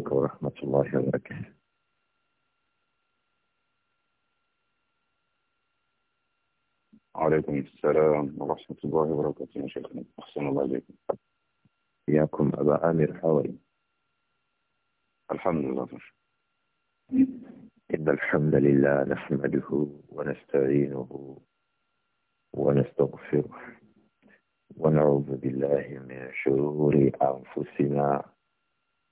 عليكم ورحمة الله وبركاته وعليكم السلام ورحمة الله وبركاته شكرا شيخنا أحسن الله إليكم إياكم أبا آمر حوالي الحمد لله إن الحمد لله نحمده ونستعينه ونستغفره ونعوذ بالله من شرور أنفسنا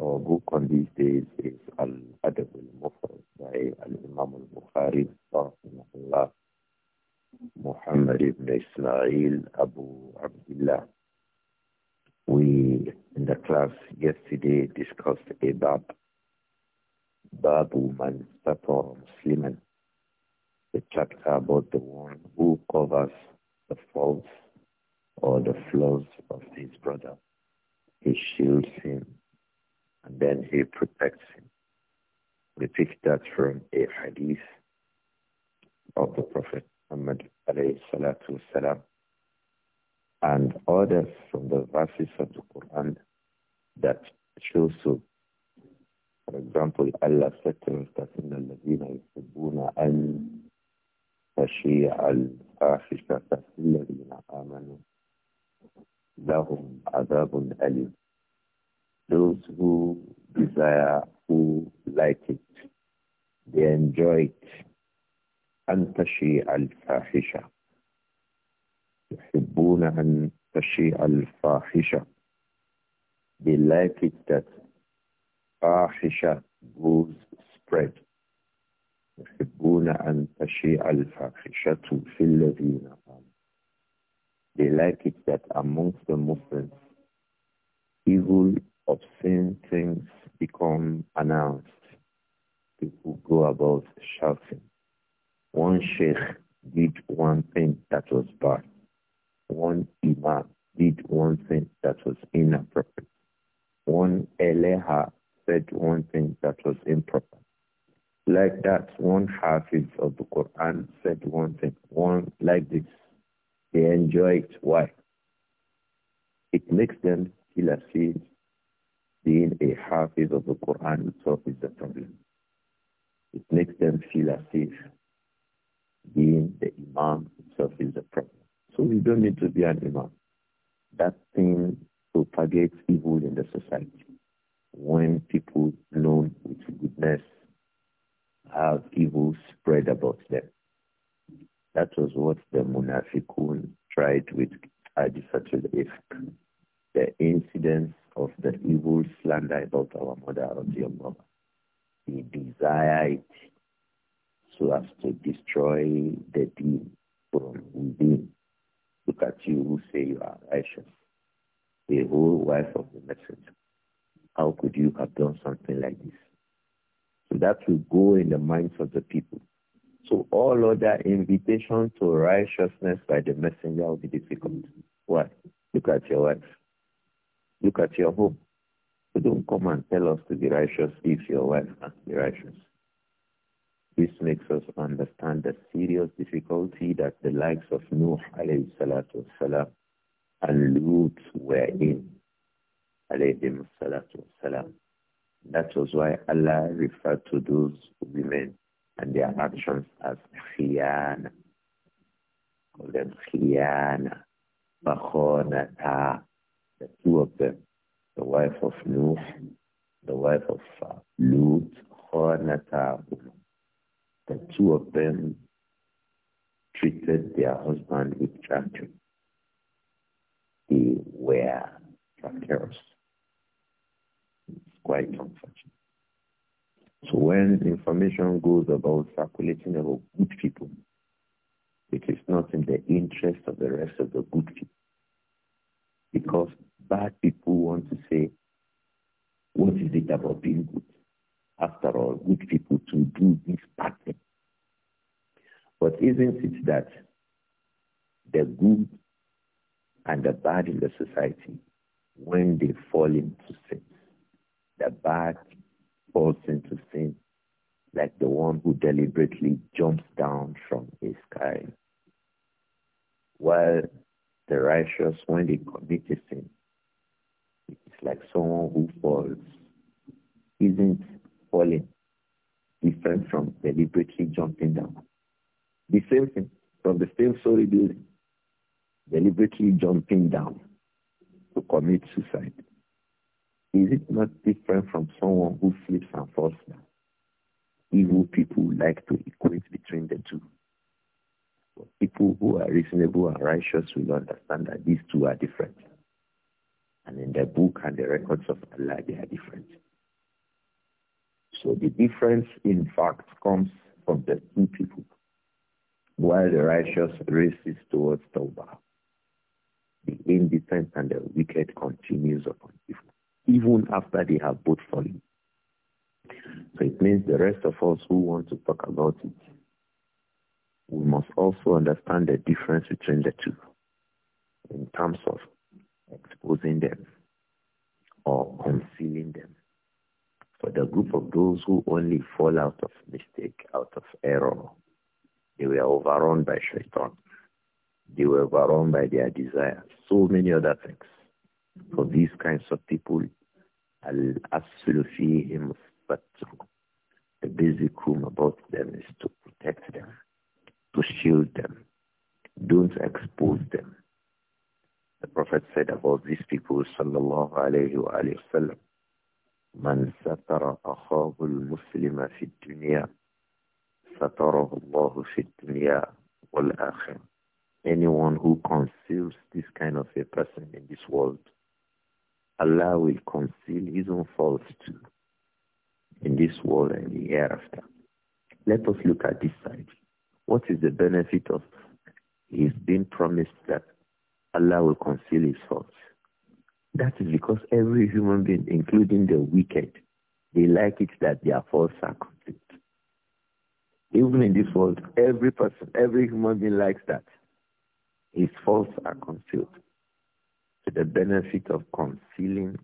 Our book on these days is Al-Adab al-Mufrad by Al-Imam al-Bukhari, Muhammad ibn Ismail Abu Abdullah. We, in the class yesterday, discussed a bab, Babu Man Sator Musliman, the chapter about the one who covers the faults or the flaws of his brother. He shields him and then he protects him. We pick that from a hadith of the Prophet Muhammad والسلام, and others from the verses of the Quran that shows so. For example, Allah said to us إِنَّ الَّذِينَ يُحِبُّونَ أَن the الْفَاحِشَةَ فِي الَّذِينَ آمَنُوا لَهُمْ عَذَابٌ أَلِيمٌ those who desire, who like it, they enjoy it. أن تشيع الفاحشة يحبون أن تشيع الفاحشة They like it that fahisha goes spread يحبون أن تشيع الفاحشة في الذين آمنوا They like it that amongst the Muslims evil obscene things become announced. People go about shouting. One sheikh did one thing that was bad. One imam did one thing that was inappropriate. One eleha said one thing that was improper. Like that, one hafiz of the Quran said one thing. One like this. They enjoy it. Why? It makes them feel as being a hafiz of the Quran itself is the problem. It makes them feel as if being the imam itself is the problem. So we don't need to be an imam. That thing propagates evil in the society. When people known with goodness have evil spread about them. That was what the Munafiqun tried with Adifatul Ifq. The incidents of the evil slander about our mother mother, He desired so as to destroy the deen from within. Look at you who say you are righteous, the whole wife of the messenger. How could you have done something like this? So that will go in the minds of the people. So all other invitation to righteousness by the messenger will be difficult. Why? Look at your wife. Look at your home. So don't come and tell us to be righteous if your wife must be righteous. This makes us understand the serious difficulty that the likes of Nuh alayhi salatu salam and Lut were in alayhi salatu salam. That was why Allah referred to those women and their actions as khiyana. Call them khiyana, the two of them, the wife of Nuh, the wife of uh, Lut, the two of them treated their husband with treachery. They were treacherous. It's quite unfortunate. So when information goes about circulating about good people, it is not in the interest of the rest of the good people because bad people want to say, what is it about being good? After all, good people to do this bad thing. But isn't it that the good and the bad in the society, when they fall into sin, the bad falls into sin like the one who deliberately jumps down from a sky. While the righteous, when they commit a sin, like someone who falls. Isn't falling different from deliberately jumping down? The same thing from the same story building, deliberately jumping down to commit suicide. Is it not different from someone who slips and falls down? Evil people like to equate between the two. But people who are reasonable and righteous will understand that these two are different. And in the book and the records of Allah, they are different. So the difference, in fact, comes from the two people, while the righteous races towards Tawbah. The indifferent and the wicked continues upon evil, even after they have both fallen. So it means the rest of us who want to talk about it, we must also understand the difference between the two in terms of exposing them or concealing them. For the group of those who only fall out of mistake, out of error, they were overrun by shaitan. They were overrun by their desire, So many other things. For these kinds of people, al-aslu But The basic room about them is to protect them, to shield them. Don't expose them the Prophet said about these people, sallallahu alayhi wa alayhi wasallam, من ستر أخاه المسلم في الدنيا ستره الله في الدنيا والآخرة. Anyone who conceals this kind of a person in this world, Allah will conceal his own faults too in this world and the hereafter. Let us look at this side. What is the benefit of he's been promised that Allah will conceal his faults. That is because every human being, including the wicked, they like it that their faults are complete. Even in this world, every person, every human being likes that. His faults are concealed. To the benefit of concealing,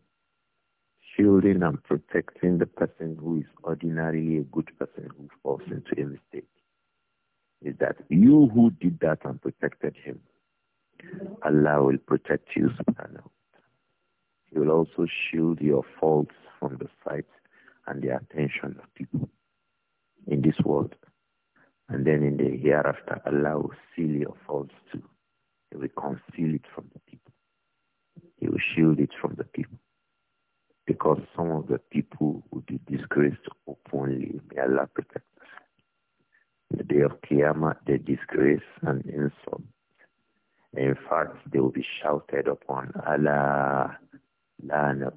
shielding, and protecting the person who is ordinarily a good person who falls into a mistake, is that you who did that and protected him Allah will protect you, subhanahu. He will also shield your faults from the sight and the attention of people in this world. And then in the hereafter, Allah will seal your faults too. He will conceal it from the people. He will shield it from the people. Because some of the people will be disgraced openly. May Allah protect us. In the day of Qiyamah, the disgrace and insult in fact, they will be shouted upon, Allah, al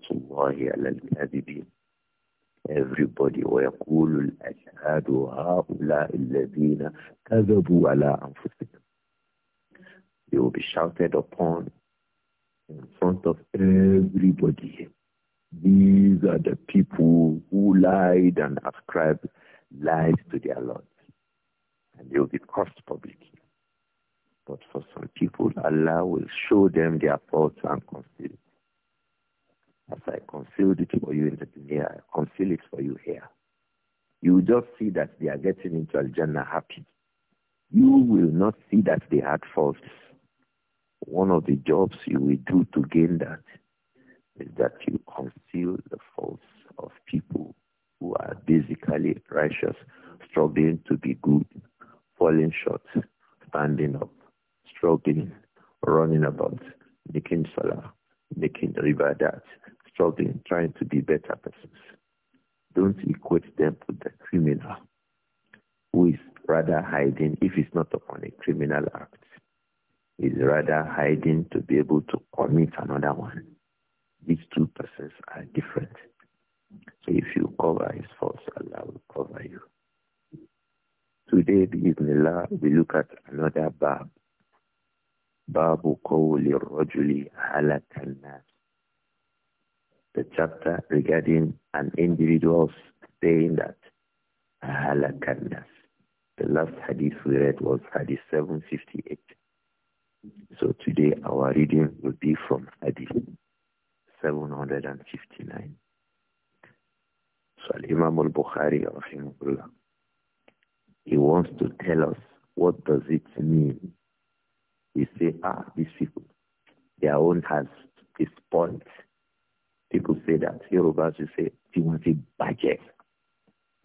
Everybody, They will be shouted upon in front of everybody. These are the people who lied and ascribed lies to their Lord. And they will be cursed publicly. But for some people, Allah will show them their faults and conceal it. As I concealed it for you in the dunya, I conceal it for you here. You will just see that they are getting into Al-Jannah happy. You will not see that they had faults. One of the jobs you will do to gain that is that you conceal the faults of people who are basically righteous, struggling to be good, falling short, standing up struggling, running about, making salah, making ibadat, struggling, trying to be better persons. Don't equate them with the criminal who is rather hiding if it's not upon a criminal act. Is rather hiding to be able to commit another one. These two persons are different. So if you cover his faults, Allah will cover you. Today, Bismillah, we look at another bab Babu Qawli Rajuli Halakannas. The chapter regarding an individual saying that Halakannas. The last hadith we read was hadith 758. So today our reading will be from hadith 759. So Imam al-Bukhari rahimahullah, he wants to tell us what does it mean we say, ah, these people, their own has is spoiled. People say that. Yorubas you say, they want a budget.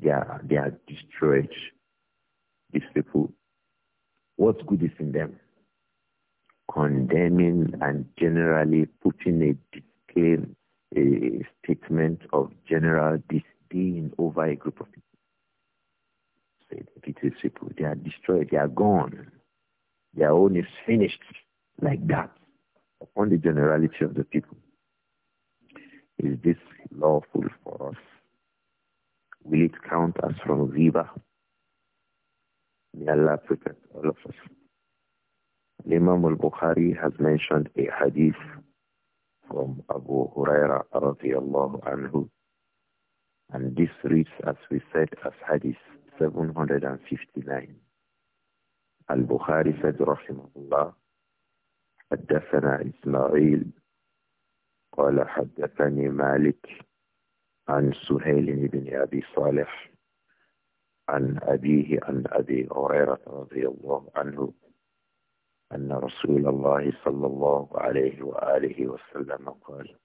They are, they are destroyed. These people, what good is in them? Condemning and generally putting a disclaim, a statement of general disdain over a group of people. Say, people, they are destroyed, they are gone. Their own is finished like that upon the generality of the people. Is this lawful for us? Will it count as from Ziba? May Allah protect all of us. Imam al-Bukhari has mentioned a hadith from Abu Huraira anhu. And this reads, as we said, as hadith 759. البخاري سيد رحمه الله حدثنا إسماعيل قال حدثني مالك عن سهيل بن أبي صالح عن أبيه عن أبي هريرة رضي الله عنه أن رسول الله صلى الله عليه وآله وسلم قال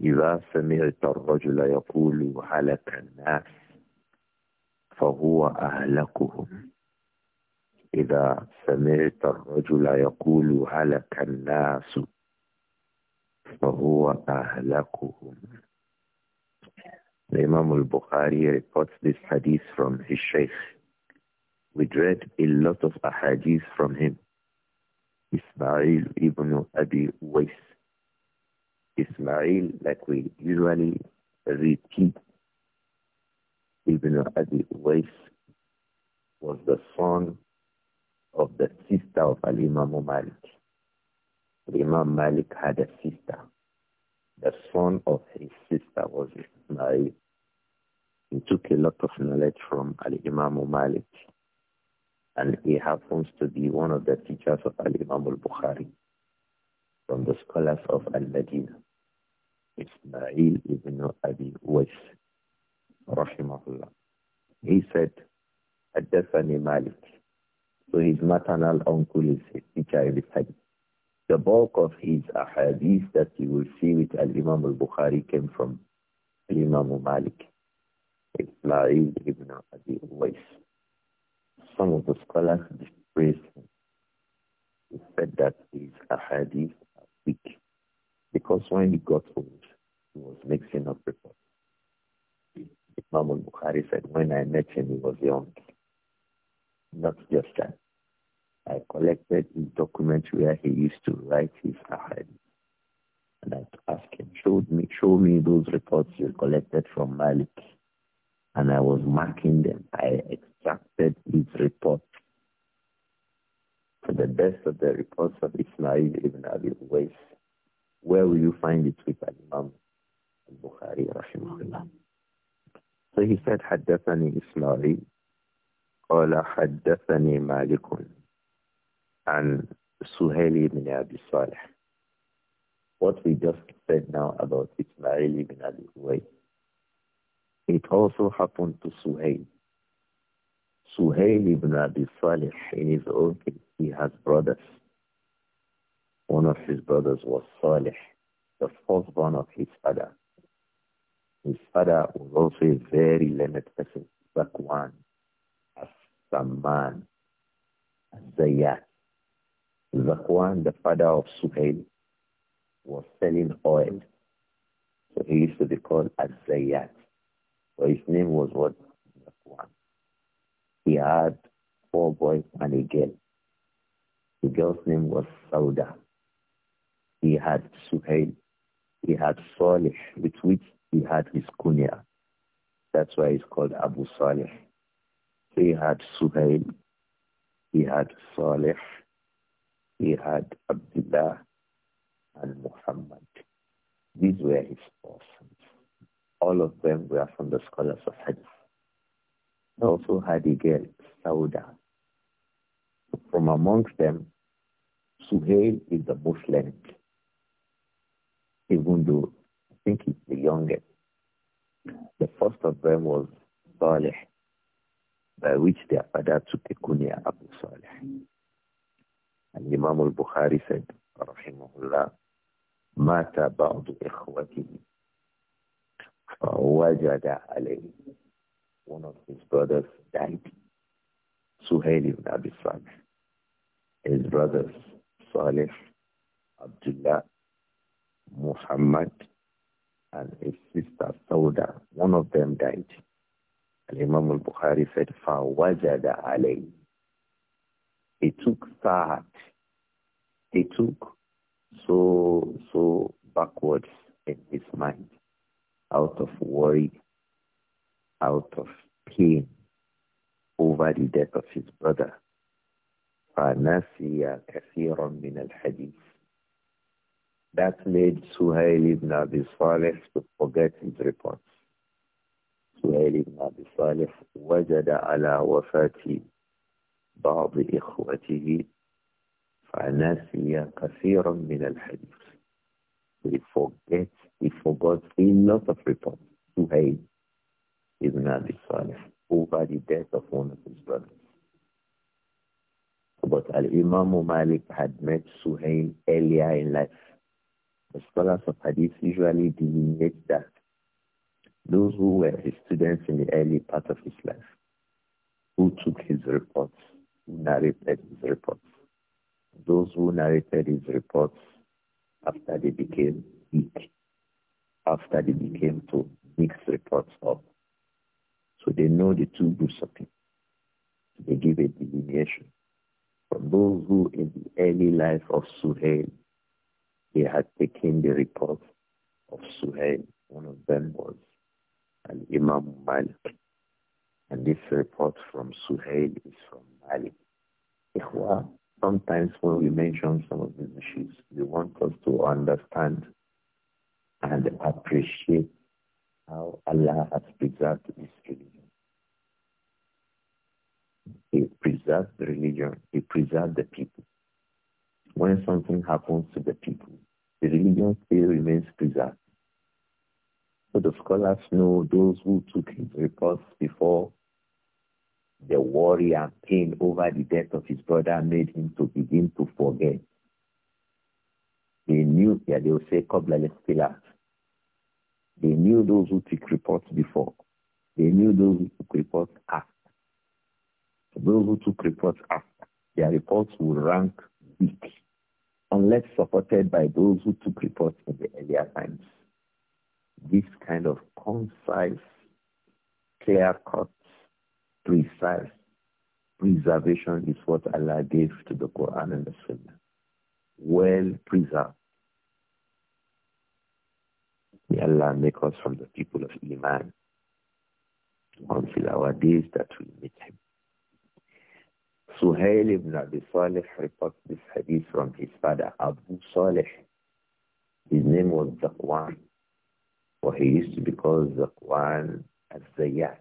إذا سمعت الرجل يقول هلك الناس فهو أهلكهم إذا سمعت الرجل يقول هلك الناس فهو أهلكهم The Imam al-Bukhari reports this hadith from his sheikh. We read a lot of ahadith from him. Ismail ibn Abi Uwais. Ismail, like we usually repeat, ibn Abi Uwais was the son of the sister of Al-Imam Malik. Imam Malik had a sister. The son of his sister was Ismail. He took a lot of knowledge from Al-Imam Malik. And he happens to be one of the teachers of Al-Imam al-Bukhari, from the scholars of al Madina. Ismail ibn Abi Uwais, rahimahullah. He said, حدثني Malik." So his maternal uncle is his the hadith. The bulk of his ahadith that you will see with Al-Imam al-Bukhari came from Al-Imam Malik, Ismail ibn Abi Uwais. Some of the scholars dispraised him. He said that his ahadith are weak because when he got old, he was mixing up reports. Imam al-Bukhari said, when I met him, he was young not just that. I collected his document where he used to write his ahad, And I asked him, show me, show me those reports you collected from Malik. And I was marking them. I extracted his report. For the best of the reports of Ismail ibn Abi Uwais, where will you find it with Imam al-Bukhari, rahimahullah? So he said, حدثني إسماعيل قال حدثني مالك عن سهيل بن أبي صالح What we just said now about Ismail ibn Abi Huway. It also happened to Suhail. Suhail ibn Abi Salih, in his own case, he has brothers. One of his brothers was Salih, the firstborn of his father. His father was also a very learned person, one. Samman, Zayyat. Zakwan, the father of Suhail, was selling oil. So he used to be called Azayat. zayyat But his name was what? Zakwan. He had four boys and a girl. The girl's name was Sauda. He had Suhail. He had Salih, with which he had his kunya. That's why he's called Abu Salih. He had Suhail, he had Saleh, he had Abdullah and Muhammad. These were his orphans. All of them were from the scholars of Hadith. He also had a girl, Sauda. From amongst them, Suhail is the most learned, even though I think he's the youngest. The first of them was Saleh by which they father took a kunya Abu Salih. And Imam al-Bukhari said, Rahimahullah, Mata ba'du ikhwatihi. Fawajada alayhi. One of his brothers died. Suhail ibn Abi Salih. His brothers, Salih, Abdullah, Muhammad, and his sister, Sauda, one of them died. Al-Imam al-Bukhari said, فَوَجَدَ عَلَيْهِ He took Sa'ad. He took so, so backwards in his mind, out of worry, out of pain over the death of his brother. فَنَسِيَ كَثِيرًا مِنَ الْحَدِيثِ That made Suhail ibn Abi Saleh to forget his reports. سهيل بن أبي صالح وجد على وفاة بعض إخوته فنسي كثيرا من الحديث. He forget, he forgot a lot of reports. Suhail ibn Abi Salih over the death of one of his brothers. But Al-Imam Malik had met Suhail earlier in life. The scholars of hadith usually delineate that those who were his students in the early part of his life, who took his reports, who narrated his reports, those who narrated his reports after they became weak, after they became to mix reports up. So they know the two groups of people. They give a delineation from those who in the early life of Suhail, they had taken the reports of Suhail. One of them was and Imam Malik. And this report from Suhail is from Malik. Ikhwa, sometimes when we mention some of these issues, they want us to understand and appreciate how Allah has preserved this religion. He preserved the religion. He preserved the people. When something happens to the people, the religion still remains preserved. So the scholars know those who took his reports before the worry and pain over the death of his brother made him to begin to forget. They knew, yeah, they will say, Kobla Lespilat. They knew those who took reports before. They knew those who took reports after. So those who took reports after, their reports will rank weak, unless supported by those who took reports in the earlier times this kind of concise, clear-cut, precise preservation is what Allah gave to the Quran and the Sunnah. Well preserved. May Allah make us from the people of Iman until our days that we meet him. Suhail ibn Abi Saleh reports this hadith from his father Abu Saleh. His name was Zakwan. Or he used to be called Zakwan al-Zayyat.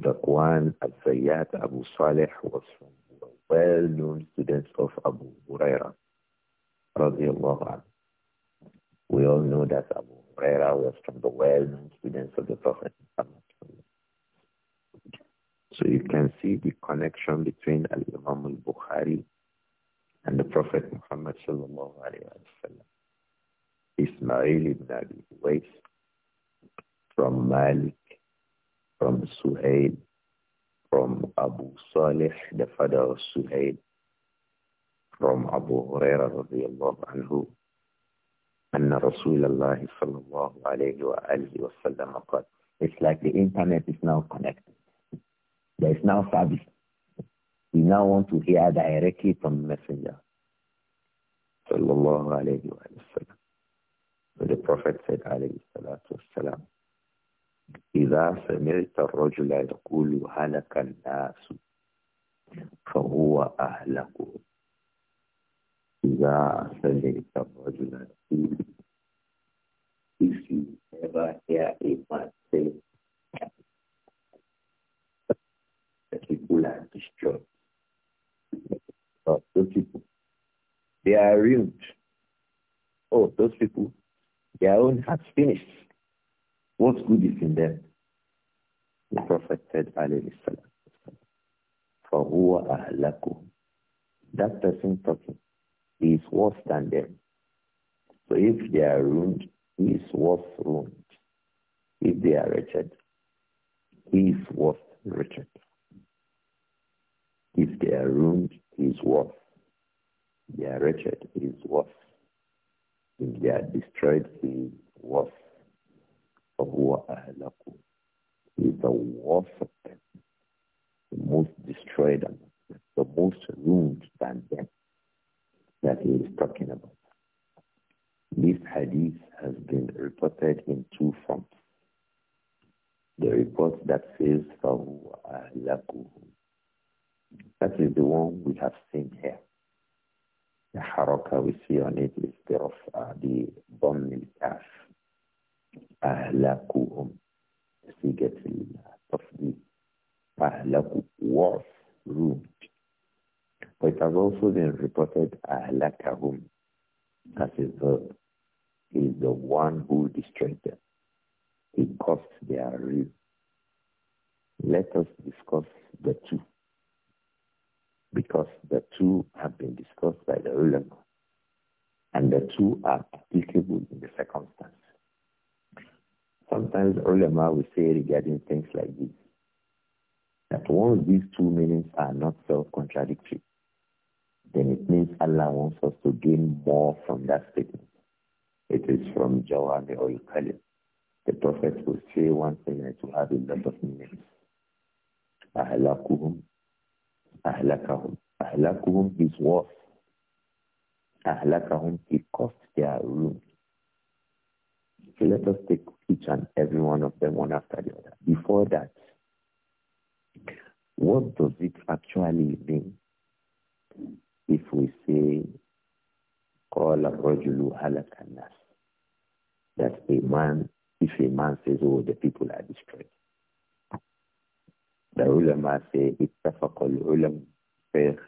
Zakwan al-Zayyat Abu Saleh was from the well-known students of Abu Huraira. We all know that Abu Huraira was from the well-known students of the Prophet Muhammad. So you can see the connection between Al-Imam al-Bukhari and the Prophet Muhammad sallallahu alayhi wa sallam. Ismail ibn Abi from Malik, from Suhail, from Abu Salih, the father of Suhail, from Abu Huraira radiallahu anhu, أن رسول الله صلى الله عليه وآله وسلم قال It's like the internet is now connected. There is now service. We now want to hear directly from the messenger. صلى الله عليه وآله وسلم so the Prophet said, alayhi salatu wasalam, إِذَا سَمِعْتَ الرَّجُلَ يَقُولُ هَلَكَ النَّاسُ فَهُوَ أَهْلَكُ إِذَا سَمِعْتَ الرَّجُلَ يَقُولُ If you ever hear a man say that people are destroyed, oh, those people, they are ruined. Oh, those people, their own has finished. What good is in them? The Prophet said, For who are أَهْلَكُهُ That person talking is worse than them. So if they are ruined, he is worse ruined. If they are wretched, he is worse wretched. If they are ruined, he is worse. They are wretched, he is worse. If they are destroyed, he was فهو أهلكم. He is the worst of them, the most destroyed and the most ruined than them that he is talking about. This hadith has been reported in two forms. The report that says فهو أهلكم. That is the one we have seen here. Baraka we see on it is the of uh, the Bommil Kaf. Ahlakuhum. Sigat the tafdi Ahlaku. Was ruined. But it has also been reported Ahlakahum as a verb. is the one who destroyed them. He caused their ruin. Let us discuss the two because the two have been discussed by the ulama and the two are applicable in the circumstance. Sometimes ulama will say regarding things like this, that once these two meanings are not self-contradictory, then it means Allah wants us to gain more from that statement. It is from Jawami or Kalim. The Prophet will say one thing and it will have a lot of meanings. Ahlakuhum, ahlakuhum. Ahlakuhum is worse ahlakahum, he cost their room. So let us take each and every one of them one after the other. Before that, what does it actually mean if we say, قال الرجل هلك الناس? That a man, if a man says, oh, the people are destroyed. The ulama say, اتفق العلم في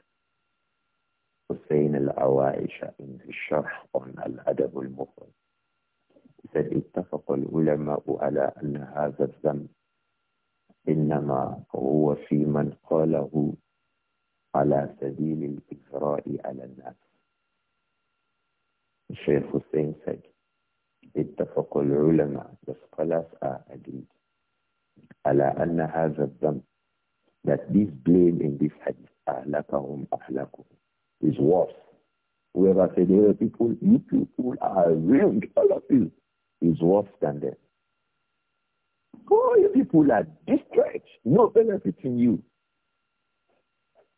حسين العوائش في الشرح عن الأدب المفرد إذا اتفق العلماء على أن هذا الذنب إنما هو في من قاله على سبيل الاجراء على الناس الشيخ حسين سج اتفق العلماء بس خلاص أجيد على أن هذا الذنب that this blame in this hadith أهلكهم أهلكهم is worse. Whoever said, hey, people, you people are ruined. all of you, is worse than them. Oh, you people are destroyed. No benefit in you.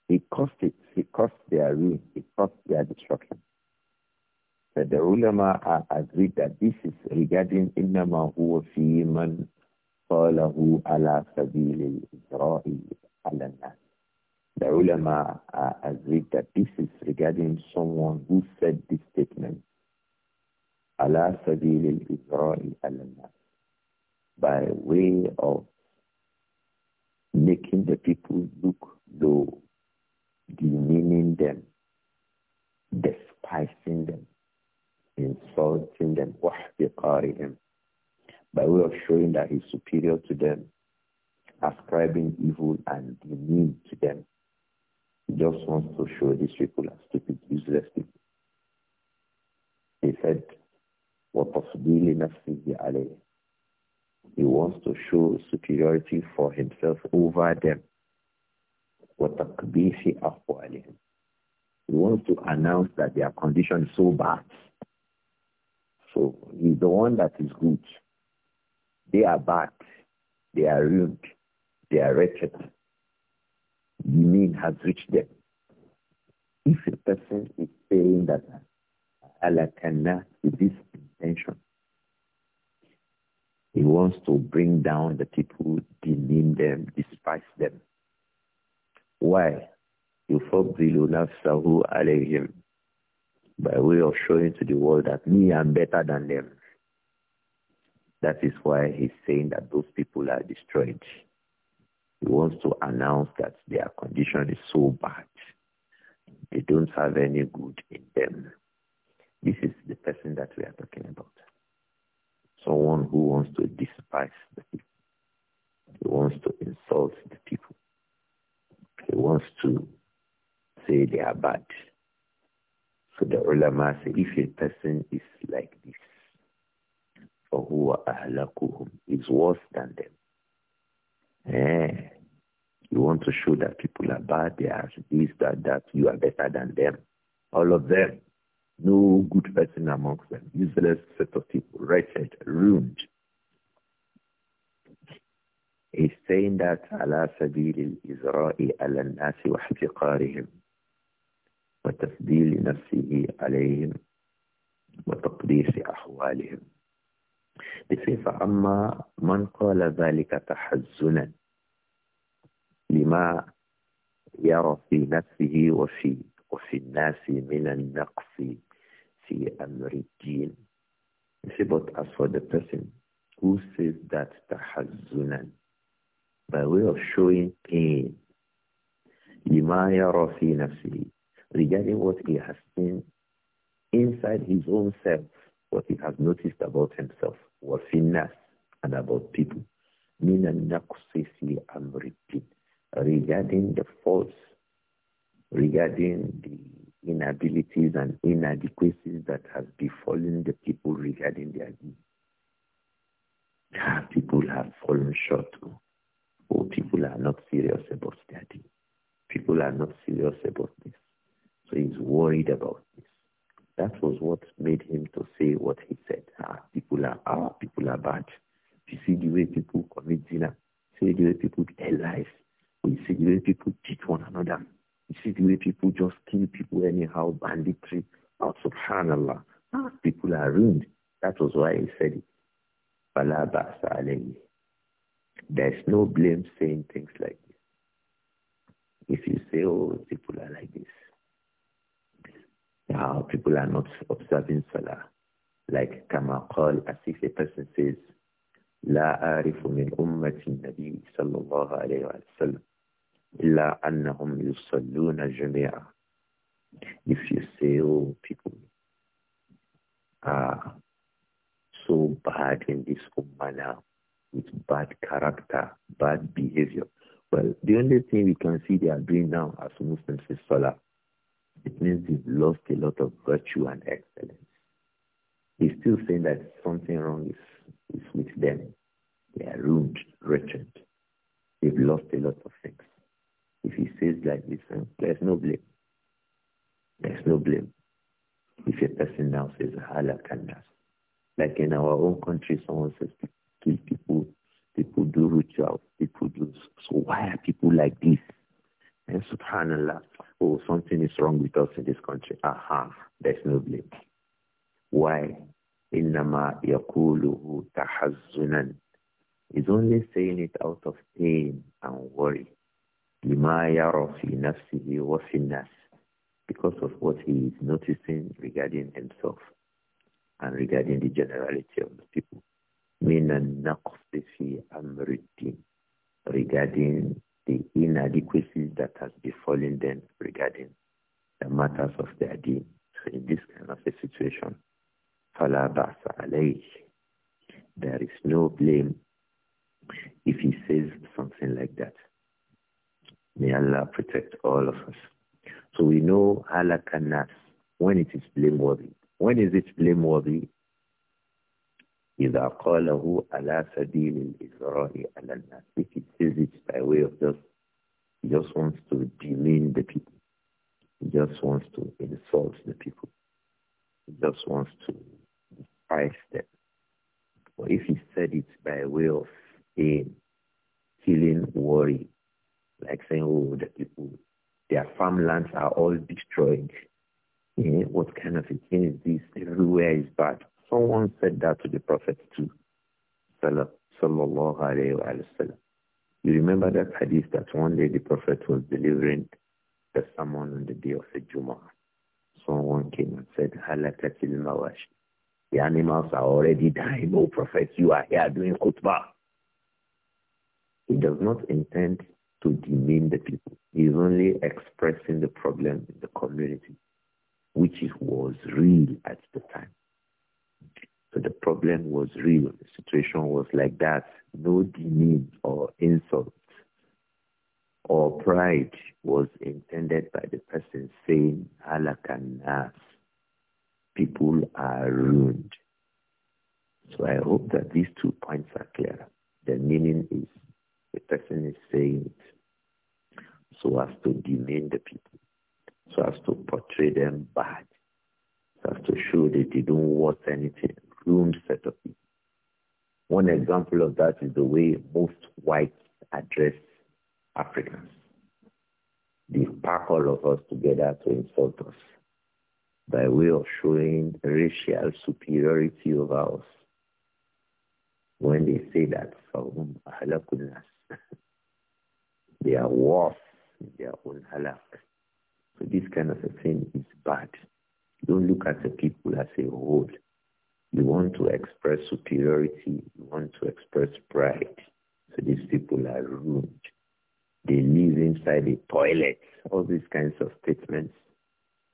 It cost it. It cost their ruin. It cost their destruction. But the ulama are agreed that this is regarding innama huwa fi man qalahu ala sabilil isra'i ala nas. The ulama uh, uh, agreed that this is regarding someone who said this statement, Allah Sabil al by way of making the people look low, demeaning them, despising them, insulting them, them, by way of showing that he's superior to them, ascribing evil and demean to them. He just wants to show these people as stupid, useless people. He said, وَتَفْضِيلِ نَفْسِهِ عَلَيْهِ He wants to show superiority for himself over them. He wants to announce that their condition is so bad. So he's the one that is good. They are bad. They are ruined. They are wretched mean has reached them. If a person is saying that Allah cannot with this intention, he wants to bring down the people, demean them, despise them. Why? يُفَضِّلُ نَفْسَهُ عَلَيْهِمْ By way of showing to the world that me, I'm better than them. That is why he's saying that those people are destroyed. He wants to announce that their condition is so bad. They don't have any good in them. This is the person that we are talking about. Someone who wants to despise the people. He wants to insult the people. He wants to say they are bad. So the ulama say, if a person is like this, فَهُوَ أَهْلَكُهُمْ is worse than them. Eh, you want to show that people are bad, they are this, that, that, you are better than them. All of them. No good person amongst them. Useless set of people, wretched, ruined. He's saying that على سبيل الإزراء على الناس واحتقارهم وتفضيل نفسه عليهم وتقديس أحوالهم they say, مَنْ قَالَ ذَلِكَ تَحَزُّنًا لِمَا يرى في نفسه وفي وفي الناس من النقص في أمر الدين. See, as for the person who says that تحزنا by way of showing pain لما يرى في نفسه regarding what he has seen inside his own self, what he has noticed about himself. وَفِي and about people. مِنَ النَّقْصِ فِي أَمْرِ Regarding the faults, regarding the inabilities and inadequacies that have befallen the people regarding their deeds. Ah, people have fallen short. Oh, people are not serious about their deeds. People are not serious about this. So he's worried about this. That was what made him to say what he said. Ah, people are ah, people are bad. You see the way people commit zina. See the way people tell lies. You see the way people cheat one another. You see the way people just kill people anyhow, banditry. Oh, subhanallah. Ah, people are ruined. That was why he said it. There's no blame saying things like this. If you say, oh, people are like this, how people are not observing Salah. Like Kama Qal, as if a person says, لا أعرف من أمة النبي صلى الله عليه وسلم إلا أنهم يصلون جميعا. If you say, oh, people are so bad in this ummah now, with bad character, bad behavior. Well, the only thing we can see they are doing now as Muslims is Salah. It means you've lost a lot of virtue and excellence. He's still saying that something wrong is, is with them. They are ruined, wretched. They've lost a lot of things. If he says like this, eh, there's no blame. There's no blame. If a person now says, Halakandas, like in our own country, someone says, kill people, people do rituals, people do, so why are people like this? And subhanallah, oh, something is wrong with us in this country. Aha, there's no blame. Why? إِنَّمَا يَقُولُهُ تَحَزُّنًا He's only saying it out of pain and worry. لِمَا yara fi نَفْسِهِ wa النَّاسِ Because of what he is noticing regarding himself and regarding the generality of the people. مِنَ النَّقْصِ فِي أَمْرِ Regarding the inadequacies that has befallen them regarding the matters of their deen. So in this kind of a situation, there is no blame if he says something like that. May Allah protect all of us. So we know halakanat when it is blameworthy. When is it blameworthy? إذا قاله على سبيل الإزراء على الناس if he says it by way of just he just wants to demean the people he just wants to insult the people he just wants to despise them but if he said it by way of pain killing worry like saying oh the people their farmlands are all destroyed yeah, what kind of a thing is this everywhere is bad Someone said that to the Prophet too. Sallallahu alayhi wa sallam. You remember that hadith that one day the Prophet was delivering the sermon on the day of the Jummah. Someone came and said, Halakatil Mawash. The animals are already dying. Oh, Prophet, you are here doing khutbah. He does not intend to demean the people. He is only expressing the problem in the community, which was real at the time. So the problem was real. The situation was like that. No demean or insult or pride was intended by the person saying, "Alakanas." people are ruined. So I hope that these two points are clear. The meaning is the person is saying it so as to demean the people, so as to portray them bad, to show that they do not want anything, room set up. One example of that is the way most whites address Africans. They pack all of us together to insult us by way of showing racial superiority over us. When they say that, they are worse in their own halak. So this kind of a thing is bad. Don't look at the people as a whole. You want to express superiority. You want to express pride. So these people are ruined. They live inside a toilet. All these kinds of statements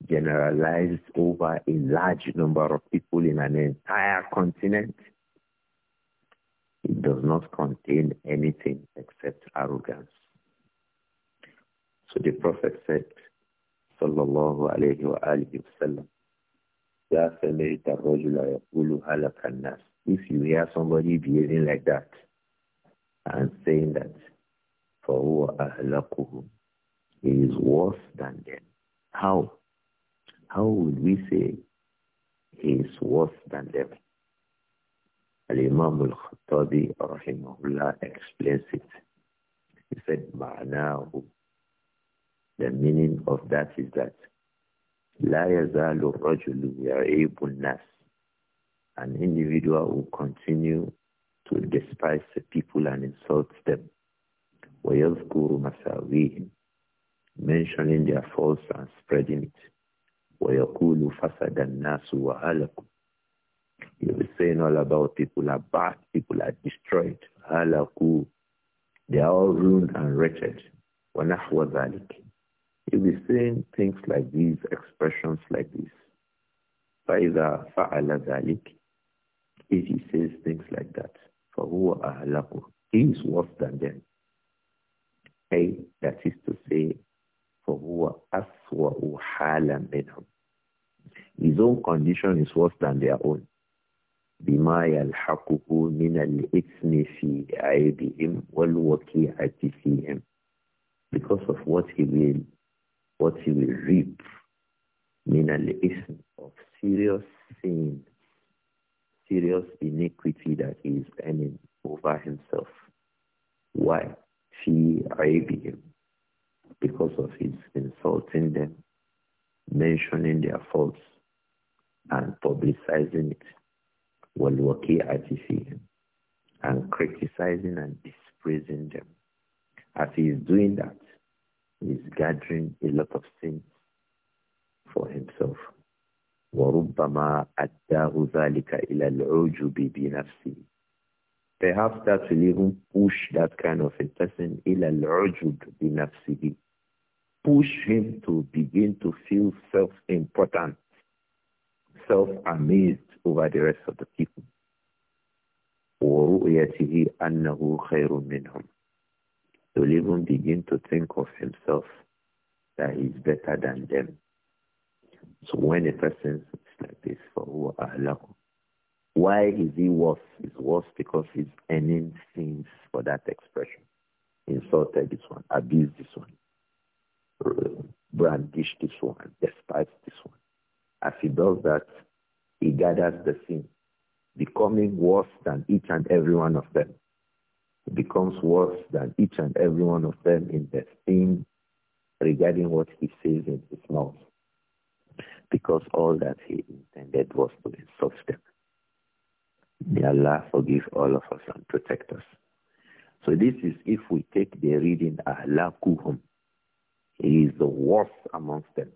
generalized over a large number of people in an entire continent. It does not contain anything except arrogance. So the Prophet said, Sallallahu if you hear somebody behaving like that and saying that for أهلكهم he is worse than them how how would we say he is worse than them الإمام الخطابي رحمه الله explains it he said the meaning of that is that لا يزال الرجل يعيب الناس. An individual will continue to despise the people and insult them. ويذكر مساويهم mentioning their faults and spreading it. ويقول فسد الناس وهلكوا You'll be saying all about people are bad, people are destroyed, هلكوا They are all ruined and wretched. ونحو ذلك He'll be saying things like these, expressions like this. فَإِذَا فَعَلَ ذَلِكَ If he says things like that, فَهُوَ أَهْلَكُ He is worse than them. A that is to say, فَهُوَ أَسْوَأُ حَالًا مِنْهُمْ His own condition is worse than their own. بما يلحقه من الإثم في عيبهم والوقيعة فيهم because of what he will what you will reap Meaning, is of serious sin, serious iniquity that he is earning over himself. Why? Fi him Because of his insulting them, mentioning their faults, and publicizing it. Walwaki him And criticizing and dispraising them. As he is doing that, is gathering a lot of sins for himself. وَرُبَّمَا ذَلِكَ إِلَى Perhaps that will even push that kind of a person إِلَى الْعُجُبِ بِنَفْسِهِ Push him to begin to feel self-important, self-amazed over the rest of the people. وَرُؤْيَتِهِ أَنَّهُ خَيْرٌ مِنْهُمْ will even begin to think of himself that he's better than them. So when a person is like this, for why is he worse? He's worse because he's earning things for that expression. Insulted this one, abused this one, brandished this one, despised this one. As he does that, he gathers the sin, becoming worse than each and every one of them. It becomes worse than each and every one of them in their sin regarding what he says in his mouth. Because all that he intended was to insult them. May Allah forgive all of us and protect us. So this is if we take the reading kuhum," He is the worst amongst them.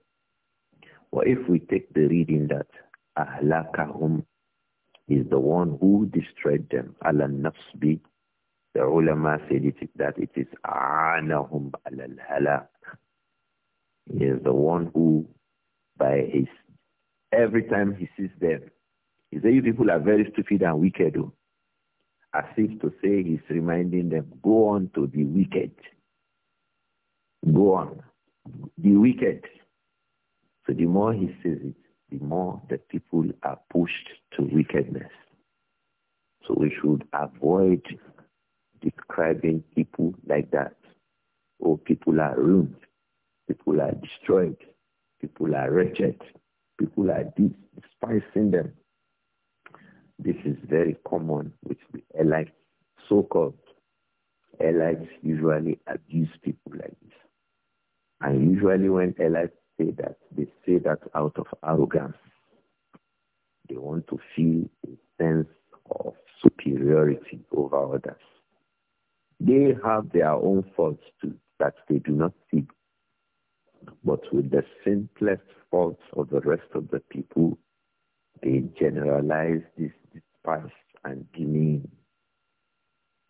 Or if we take the reading that Ahlakahum is the one who destroyed them, Allah nafs bi the ulama said it, that it is anahum al He is the one who, by his, every time he sees them, he says, you people are very stupid and wicked. Oh. As if to say he's reminding them, go on to the wicked. Go on. The wicked. So the more he says it, the more the people are pushed to wickedness. So we should avoid describing people like that. Oh, people are ruined. People are destroyed. People are wretched. People are despising them. This is very common with the elites, so-called elites usually abuse people like this. And usually when elites say that, they say that out of arrogance. They want to feel a sense of superiority over others. They have their own faults too that they do not see. But with the simplest faults of the rest of the people, they generalize this despise and demean.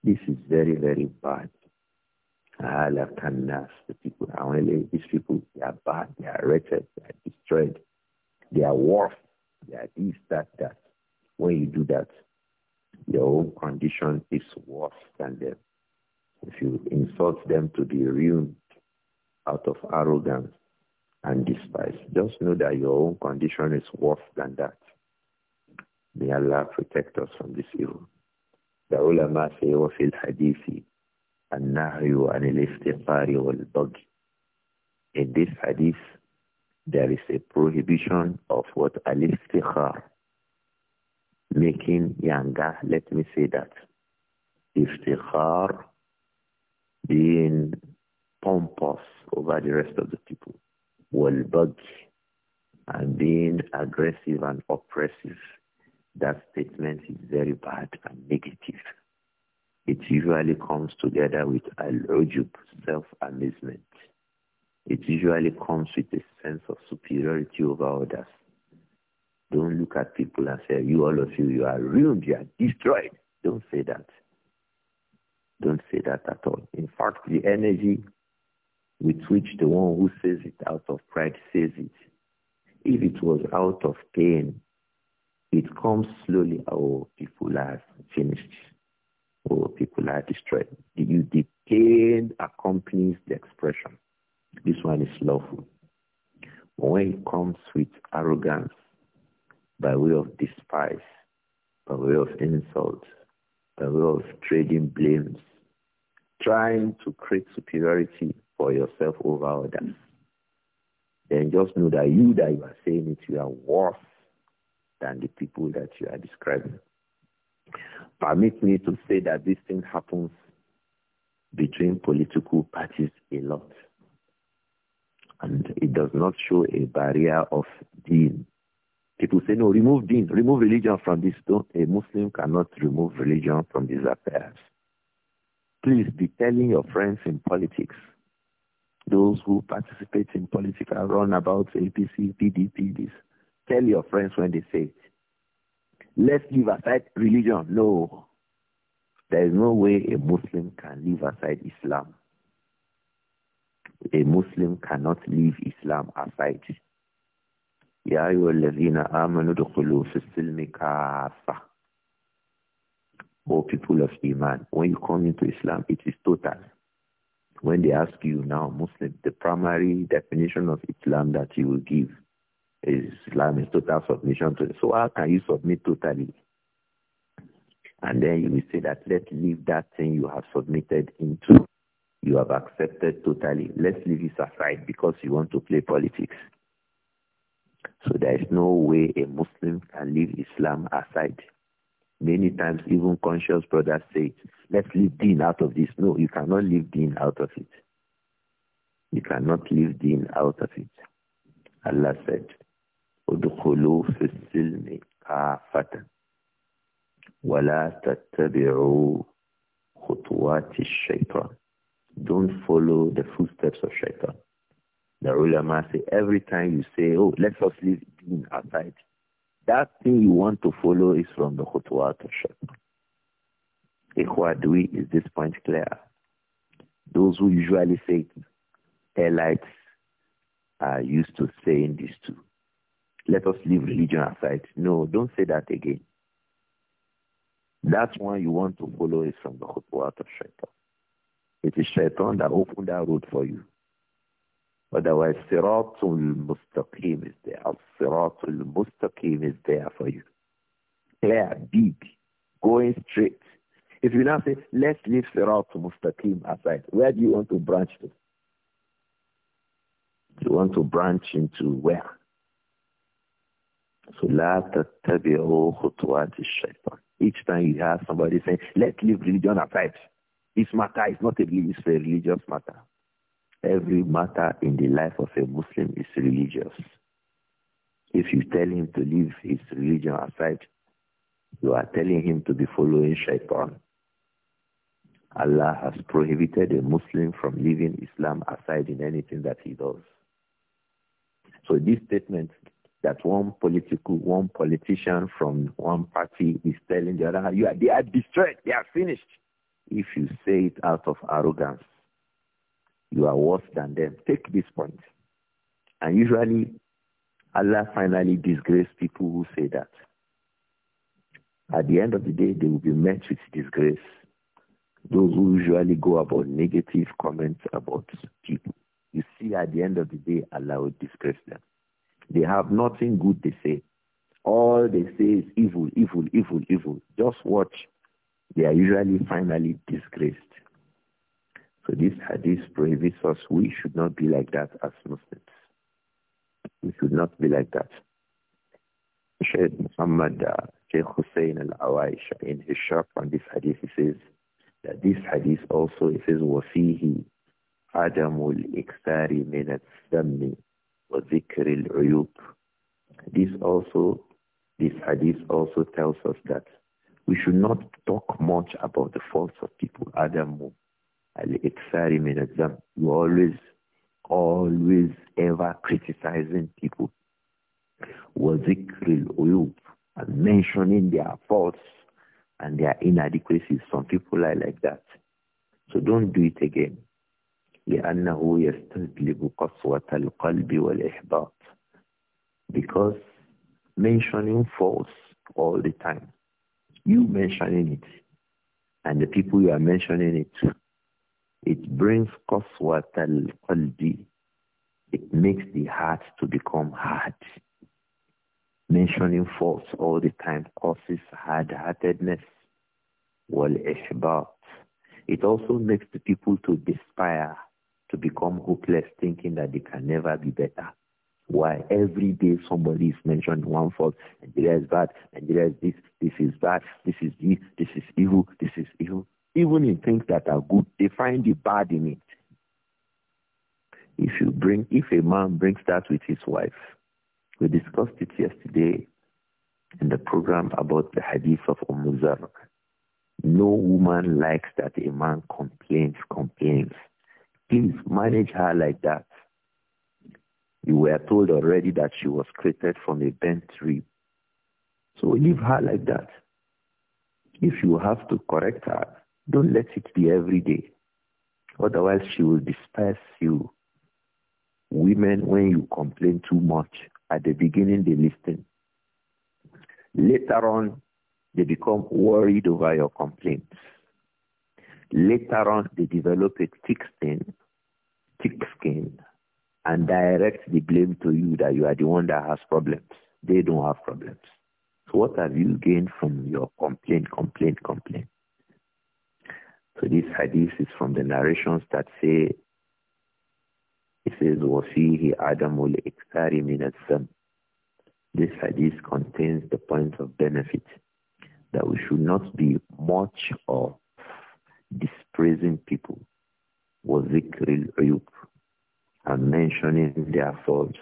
This is very, very bad. Alakannas, the people, these people, they are bad, they are wretched, they are destroyed, they are worse, they are this, that, that. When you do that, your own condition is worse than them. If you insult them to be ruined out of arrogance and despise, just know that your own condition is worse than that. May Allah protect us from this evil. The ulama say, وفي الحديث النهي عن الافتقار والبغي. In this hadith, there is a prohibition of what al-iftikhar, making yanga, let me say that. Iftikhar being pompous over the rest of the people, والبغي, and being aggressive and oppressive. That statement is very bad and negative. It usually comes together with al-ujub, self-amazement. It usually comes with a sense of superiority over others. Don't look at people and say, you all of you, you are ruined, you are destroyed. Don't say that. Don't say that at all. In fact, the energy with which the one who says it out of pride says it, if it was out of pain, it comes slowly. Our oh, people are finished. Our oh, people are destroyed. the pain accompanies the expression. This one is lawful. When it comes with arrogance, by way of despise, by way of insult, by way of trading blames, trying to create superiority for yourself over others, then just know that you that you are saying it, you are worse than the people that you are describing. Permit me to say that this thing happens between political parties a lot. And it does not show a barrier of deen. People say, no, remove deen, remove religion from this. do A Muslim cannot remove religion from these affairs. Please be telling your friends in politics, those who participate in political runabouts, APC, PDP, this. Tell your friends when they say Let's leave aside religion. No. There is no way a Muslim can leave aside Islam. A Muslim cannot leave Islam aside. يا أيها الذين آمنوا ادخلوا في السلم كافة or people of Iman. When you come into Islam, it is total. When they ask you now, Muslim, the primary definition of Islam that you will give is Islam is total submission to it. So how can you submit totally? And then you will say that let's leave that thing you have submitted into. You have accepted totally. Let's leave it aside because you want to play politics. So there is no way a Muslim can leave Islam aside. Many times even conscious brothers say, let's leave deen out of this. No, you cannot leave deen out of it. You cannot leave deen out of it. Allah said, ادخلوا في السلم كافة ولا تتبعوا خطوات الشيطان. Don't follow the footsteps of shaitan. The ulama say every time you say, oh, let us leave deen outside." That thing you want to follow is from the khutwat al-shaq. Ikhwadwi, is this point clear? Those who usually say elites are used to saying this too. Let us leave religion aside. No, don't say that again. That's why you want to follow is from the khutwat of shaitan. It is shaitan that opened that road for you. Otherwise, Siratul Mustaqim is there. Siratul Mustaqim is there for you. Clear, big, going straight. If you now say, let's leave Siratul Mustaqim aside, where do you want to branch to? You want to branch into where? So, لا تتبعوا خطوات الشيطان. Each time you have somebody saying, let's leave religion aside. This matter is not a, it's a religious matter. Every matter in the life of a Muslim is religious. If you tell him to leave his religion aside, you are telling him to be following shaitan. Allah has prohibited a Muslim from leaving Islam aside in anything that he does. So this statement that one political, one politician from one party is telling the other, you are, they are destroyed, they are finished. If you say it out of arrogance, you are worse than them. Take this point. And usually, Allah finally disgraces people who say that. At the end of the day, they will be met with disgrace. Those who usually go about negative comments about people. You see, at the end of the day, Allah will disgrace them. They have nothing good to say. All they say is evil, evil, evil, evil. Just watch. They are usually finally disgraced. So this hadith prohibits us. We should not be like that as Muslims. We should not be like that. Shaykh Muhammad uh, Hussein al-Awaisha in his sharh on this hadith, he says that this hadith also, he says, وَفِيهِ عَدَمُ الْإِكْثَارِ مِنَ السَّمِّ وَذِكْرِ الْعُيُوبِ This also, this hadith also tells us that we should not talk much about the faults of people. Adamu. Al-Iqsari min exam. You always, always ever criticizing people. Wazikril uyub. And mentioning their faults and their inadequacies. Some people are like that. So don't do it again. لأنه القلب والإحباط because mentioning faults all the time you mentioning it and the people you are mentioning it to it brings qaswat al-qalbi. It makes the heart to become hard. Mentioning faults all the time causes hard-heartedness. Wal-ishbat. It also makes the people to despair, to become hopeless, thinking that they can never be better. Why every day somebody is mentioned one fault, and there is bad, and there is this, this is bad, this is this, this is evil, this is evil. Even in things that are good, they find the bad in it. If you bring, if a man brings that with his wife, we discussed it yesterday in the program about the hadith of Umm No woman likes that a man complains, complains. Please manage her like that. You were told already that she was created from a bent rib. So leave her like that. If you have to correct her, don't let it be every day. Otherwise, she will despise you. Women, when you complain too much, at the beginning they listen. Later on, they become worried over your complaints. Later on, they develop a thick skin, thick skin, and direct the blame to you that you are the one that has problems. They don't have problems. So what have you gained from your complaint, complaint, complaint? So this hadith is from the narrations that say, it says, وَفِيهِ عَدَمُ الْإِكْثَارِ مِنَ This hadith contains the point of benefit that we should not be much of dispraising people وَذِكْرِ الْعُيُوبِ and mentioning their faults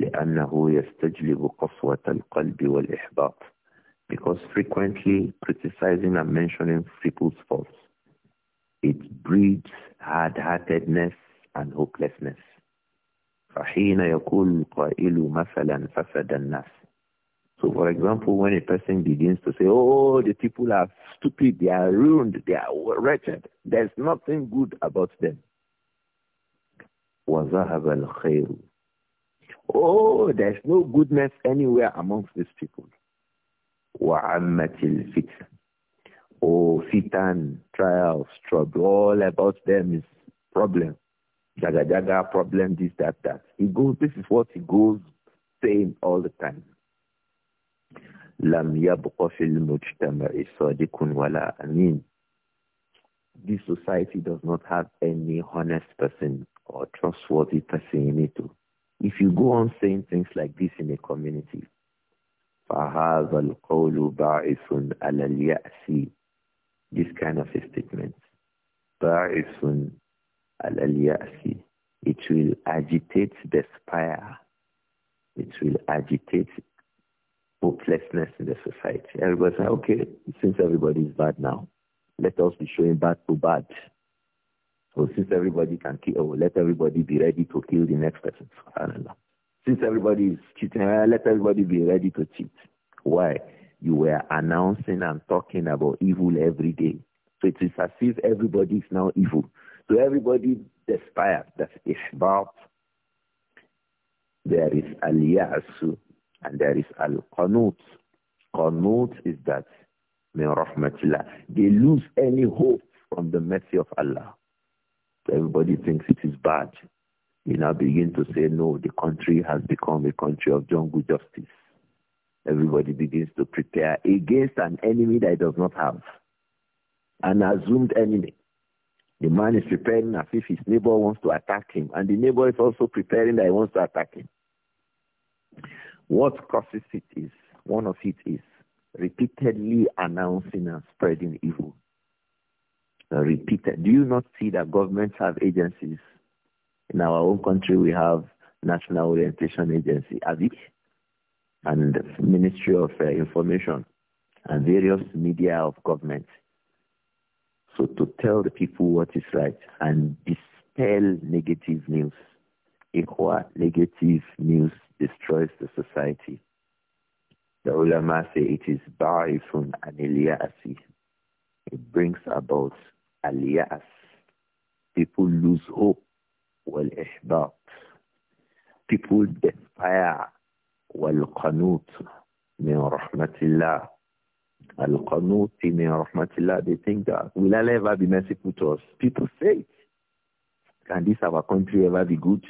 لأنه يستجلب قسوة القلب والإحباط because frequently criticizing and mentioning people's faults it breeds hard-heartedness and hopelessness. فحين يقول القائل مثلا فسد الناس so for example, when a person begins to say, oh, the people are stupid, they are ruined, they are wretched, there's nothing good about them. وَذَهَبَ الْخَيْرُ Oh, there's no goodness anywhere amongst these people. وَعَمَّتِ الْفِتْنَةِ or oh, fitan, trials, trouble, all about them is problem. Jaga jaga, problem, this, that, that. He goes, this is what he goes saying all the time. Lam يبق في المجتمع This society does not have any honest person or trustworthy person in it. If you go on saying things like this in a community, فهذا القول باعث على اليأس this kind of a statement. Ba'ifun al It will agitate despair. It will agitate hopelessness in the society. Everybody say, okay, since everybody is bad now, let us be showing bad to bad. So since everybody can kill, oh, let everybody be ready to kill the next person. Since everybody is cheating, eh, let everybody be ready to cheat. Why? you were announcing and talking about evil every day. So it is as if everybody is now evil. So everybody despairs. That's Ishbab. There is Aliyasu and there is Al-Qanut. Qanut is that may rahmatillah. They lose any hope from the mercy of Allah. So everybody thinks it is bad. They now begin to say, no, the country has become a country of jungle justice everybody begins to prepare against an enemy that does not have, an assumed enemy. The man is preparing as if his neighbor wants to attack him, and the neighbor is also preparing that he wants to attack him. What causes it is, one of it is repeatedly announcing and spreading evil. Uh, repeated. Do you not see that governments have agencies? In our own country, we have National Orientation Agency, AVIC and Ministry of uh, Information and various media of government. So to tell the people what is right and dispel negative news. Ikhwa, negative news destroys the society. The ulama say it is ba'ifun aniliya'asi. It brings about aliyas. People lose hope. Well, ihbat. People despair وَالْقَنُوتُ مِنْ رَحْمَةِ اللَّهِ Al-Qanut min rahmatillah, they think that will Allah ever be merciful to us? People say it. Can this our country ever be good?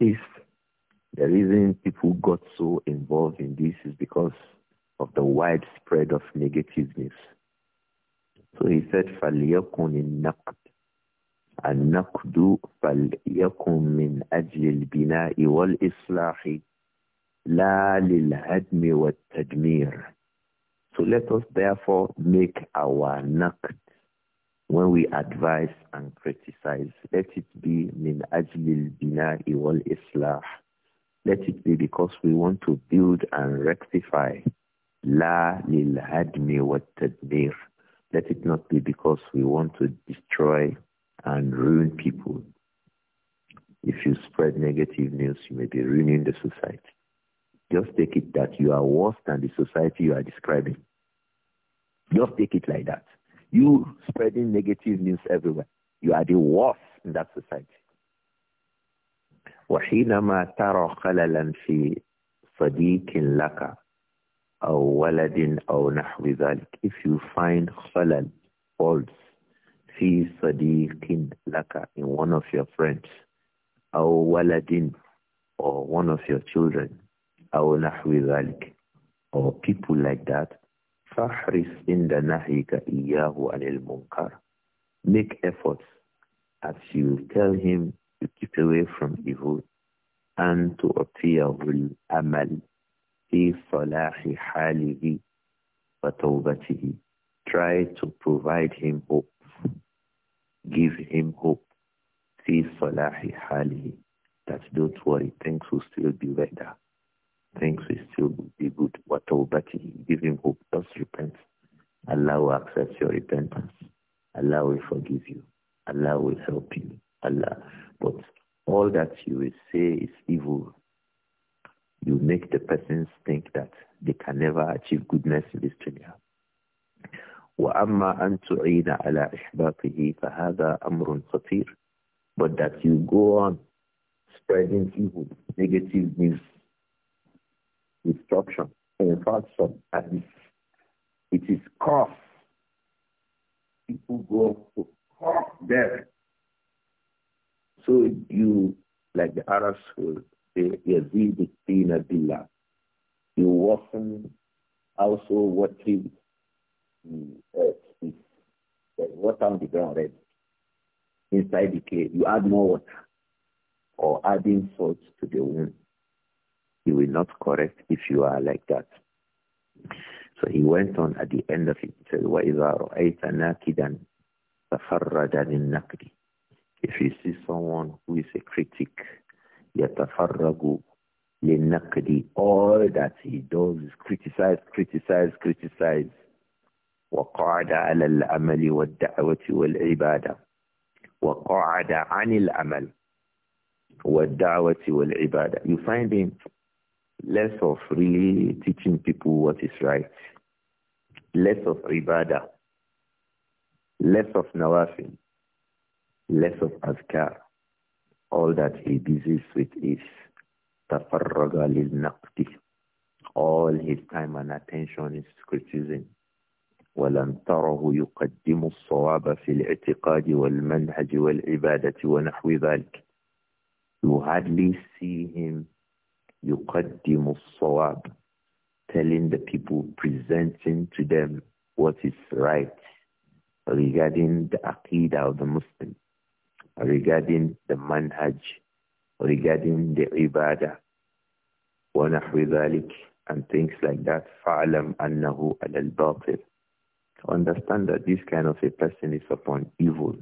If the reason people got so involved in this is because of the widespread of negativeness. So he said, فَلْيَكُنِ النَّقْدُ النَّقْدُ فَلْيَكُنْ مِنْ أَجْلِ الْبِنَاءِ وَالْإِصْلَاحِ La lil hadmi wa tadmir. So let us therefore make our naqd when we advise and criticize. Let it be min ajlil bina'i wal islah. Let it be because we want to build and rectify. La lil hadmi wa tadmir. Let it not be because we want to destroy and ruin people. If you spread negative news, you may be ruining the society. Just take it that you are worse than the society you are describing. Just take it like that. You spreading negative news everywhere. You are the worst in that society. وحينما ترى خللا في صديق لك أو ولد أو نحو ذلك if you find خلل faults في صديق لك in one of your friends أو ولد or one of your children أو نحو ذلك or people like that فاحرص عند نهيك إياه عن المنكر make efforts as you tell him to keep away from evil and to أطيعه الأمل في صلاح حاله وتوبته try to provide him hope give him hope في صلاح حاله that don't worry things will still be better things will still be good. But giving give him hope. Just repent. Allah will accept your repentance. Allah will forgive you. Allah will help you. Allah. But all that you will say is evil. You make the persons think that they can never achieve goodness in this dunya. وأما أن تعين على إحباطه فهذا أمر خطير. But that you go on spreading evil, negative news Destruction, In fact, some hadith, it is is cause People go to cause death. So you, like the Arabs will say, Yazid Billah. You worsen also what the earth uh, is. Uh, on the ground red Inside the cave, you add more water or adding salt to the wound he will not correct if you are like that. So he went on at the end of it. He said, وَإِذَا رَأَيْتَ نَاكِدًا تَفَرَّدَ لِلنَّكْدِ If you see someone who is a critic, يَتَفَرَّغُ لِلنَّكْدِ All that he does is criticize, criticize, criticize. وقعد على العمل والدعوة والعبادة وقعد عن العمل والدعوة والعبادة You find him less of really teaching people what is right, less of ibadah, less of nawafin, less of azkar. All that he busies with is tafarraga lil naqdi. All his time and attention is criticism. ولم تره يقدم الصواب في الاعتقاد والمنهج والعبادة ونحو ذلك. You hardly see him يقدم الصواب telling the people, presenting to them what is right regarding the aqidah of the Muslim, regarding the manhaj, regarding the ibadah, ونحو ذلك, and things like that. فَعْلَمْ أَنَّهُ عَلَى الْبَاطِلِ Understand that this kind of a person is upon evil.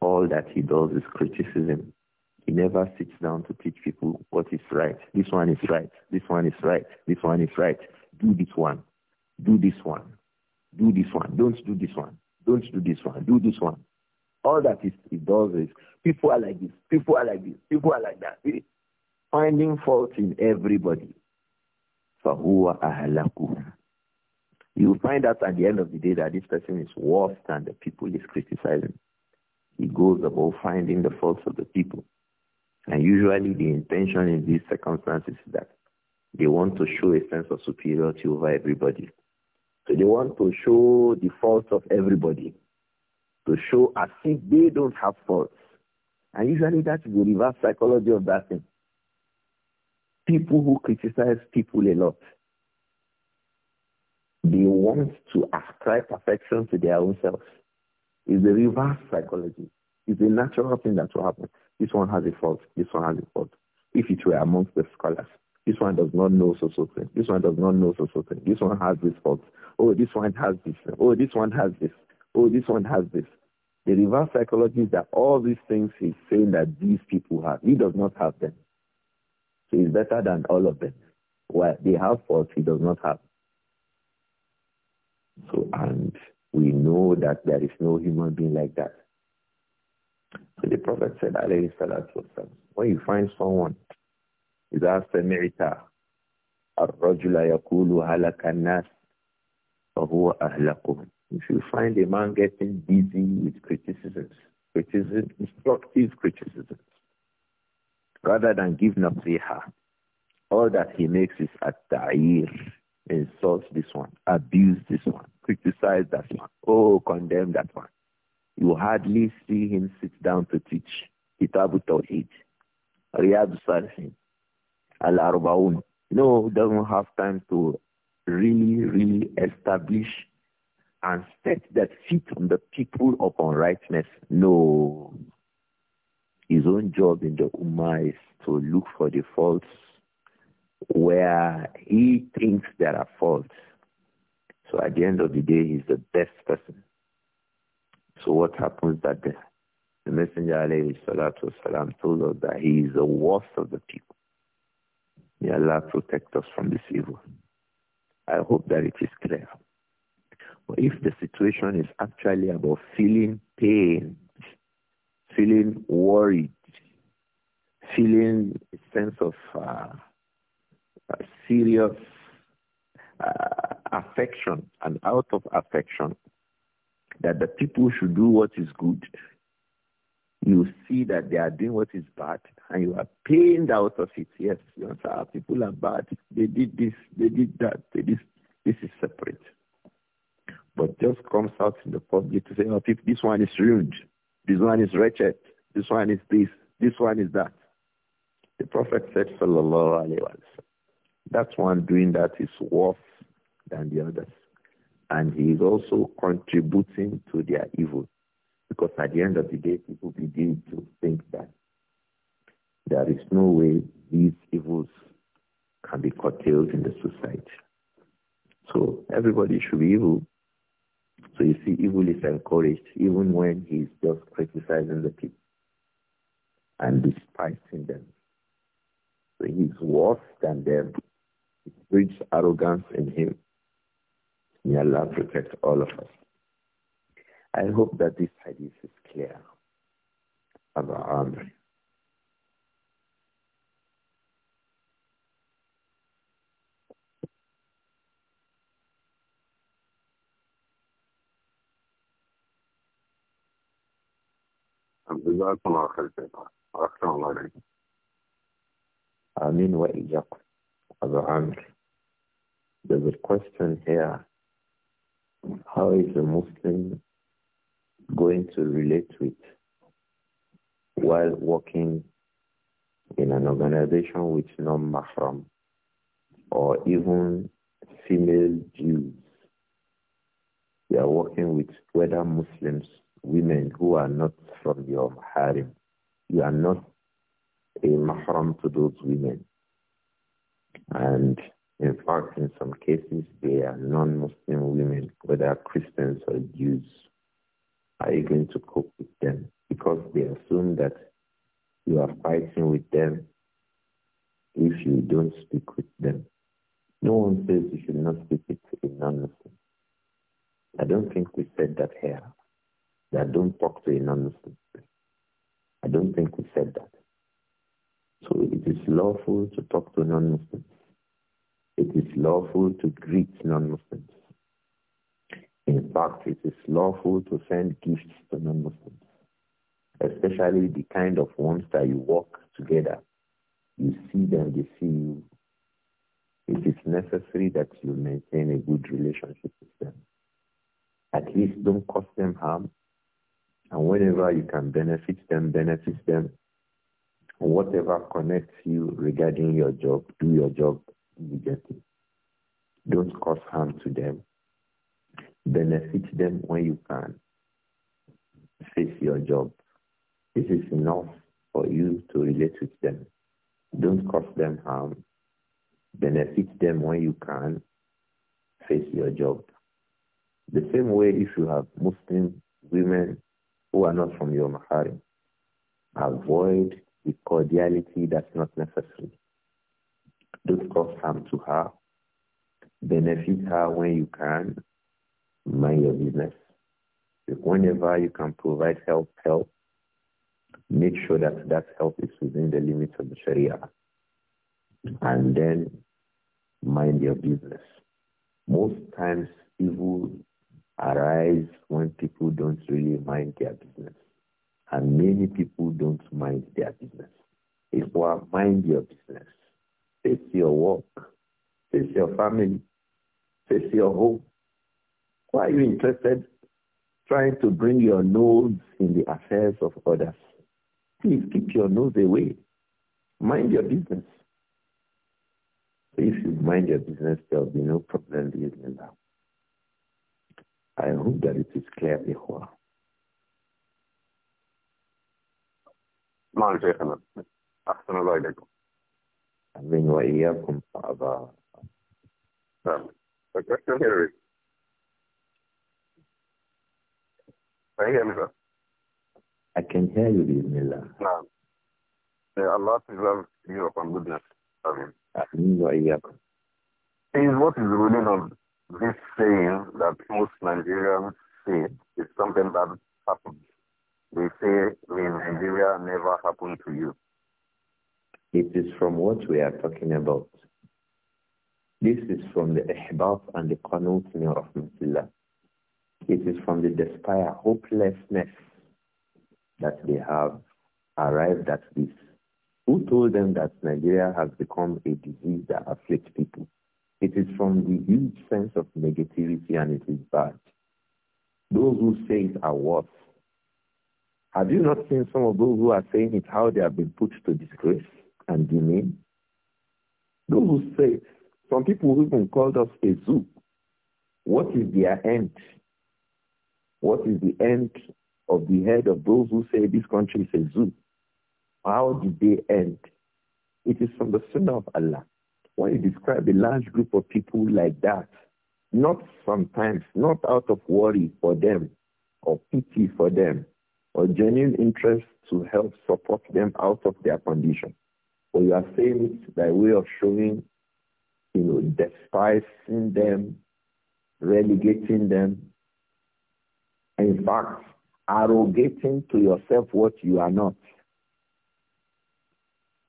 All that he does is criticism. He never sits down to teach people what is right. This one is right. This one is right. This one is right. Do this one. Do this one. Do this one. Don't do this one. Don't do this one. Do this one. All that is, he does is people are like this. People are like this. People are like that. Finding fault in everybody. فَهُوَ أَهْلَكُهُمْ You find out at the end of the day that this person is worse than the people he's criticizing. He goes about finding the faults of the people. And usually the intention in these circumstances is that they want to show a sense of superiority over everybody. So they want to show the faults of everybody, to show as if they don't have faults. And usually that's the reverse psychology of that thing. People who criticize people a lot, they want to ascribe perfection to their own selves. It's the reverse psychology. It's a natural thing that will happen. This one has a fault. This one has a fault. If it were amongst the scholars, this one does not know so so thing. This one does not know so so thing. This one has this fault. Oh, this one has this. Oh, this one has this. Oh, this one has this. The reverse psychology is that all these things he's saying that these people have. He does not have them. So he's better than all of them. Well, they have faults he does not have. So, and we know that there is no human being like that. So the Prophet said, alayhi when you find someone, إذا سمعت الرجل يقول هلك الناس فهو أهلكهم. If you find a man getting busy with criticisms, criticism, destructive criticisms, rather than give nasiha, all that he makes is at-ta'ir, insult this one, abuse this one, criticize that one, oh, condemn that one you hardly see him sit down to teach Kitabu Tawheed, Riyadu Salihin, Al-Arbaun. No, doesn't have time to really, really establish and set that feet on the people upon unrighteousness. No. His own job in the Ummah is to look for the faults where he thinks there are faults. So at the end of the day, he's the best person so what happens that the, the Messenger alayhi salatu wasalam told us that he is the worst of the people. May Allah protect us from this evil. I hope that it is clear. But if the situation is actually about feeling pain, feeling worried, feeling a sense of uh, a serious uh, affection and out of affection, that the people should do what is good, you see that they are doing what is bad and you are pained out of it. Yes, you know, our people are bad. They did this, they did that, they did this. This is separate. But just comes out in the public to say, oh, this one is ruined. This one is wretched. This one is this. This one is that. The Prophet said, sallallahu alayhi wa that one doing that is worse than the others and he is also contributing to their evil. Because at the end of the day, people begin to think that there is no way these evils can be curtailed in the society. So everybody should be evil. So you see, evil is encouraged even when he is just criticizing the people and despising them. So he is worse than them. It breeds arrogance in him. May Allah protect all of us. I hope that this hadith is clear about Amr. جزاكم الله خير شيخنا أحسن الله There's a question here how is a Muslim going to relate with while working in an organization with non-mahram or even female Jews? They are working with whether Muslims, women who are not from your harem. You are not a mahram to those women. And in fact, in some cases, they are non-Muslim women, whether Christians or Jews. Are you going to cope with them? Because they assume that you are fighting with them if you don't speak with them. No one says you should not speak with a non-Muslim. I don't think we said that here, that don't talk to a non-Muslim. I don't think we said that. So it is lawful to talk to non-Muslims it is lawful to greet non-Muslims. In fact, it is lawful to send gifts to non-Muslims, especially the kind of ones that you walk together. You see them, they see you. It is necessary that you maintain a good relationship with them. At least don't cause them harm. And whenever you can benefit them, benefit them. Whatever connects you regarding your job, do your job you get it. Don't cause harm to them. Benefit them when you can. Face your job. This is enough for you to relate with them. Don't cause them harm. Benefit them when you can. Face your job. The same way if you have Muslim women who are not from your Maharim, avoid the cordiality that's not necessary. Don't cause harm to her. Benefit her when you can. Mind your business. Whenever you can provide help, help. Make sure that that help is within the limits of the Sharia. And then mind your business. Most times evil arise when people don't really mind their business. And many people don't mind their business. If you mind your business, Face your work. Face your family. Face your home. Why are you interested trying to bring your nose in the affairs of others? Please keep your nose away. Mind your business. if you mind your business, there will be no problem in that. I hope that it is clear before. ما شيخنا أحسن الله إليكم أمين um, Can you hear me, sir? I can hear you, Bismillah. Naam. May Allah preserve you upon goodness. Amen. Ameen wa Is what is the meaning of this saying that most Nigerians say is something that happened. They say, in Nigeria never happened to you. It is from what we are talking about. This is from the ihbab and the qanut of rahmatillah. It is from the despair, hopelessness that they have arrived at this. Who told them that Nigeria has become a disease that afflicts people? It is from the huge sense of negativity and it is bad. Those who say it are worse. Have you not seen some of those who are saying it, how they have been put to disgrace? and demean? Those who say, some people even called us a zoo. What is their end? What is the end of the head of those who say this country is a zoo? How did they end? It is from the Sunnah of Allah. When you describe a large group of people like that, not sometimes, not out of worry for them or pity for them or genuine interest to help support them out of their condition, but you are saying it by way of showing, you know, despising them, relegating them. In fact, arrogating to yourself what you are not.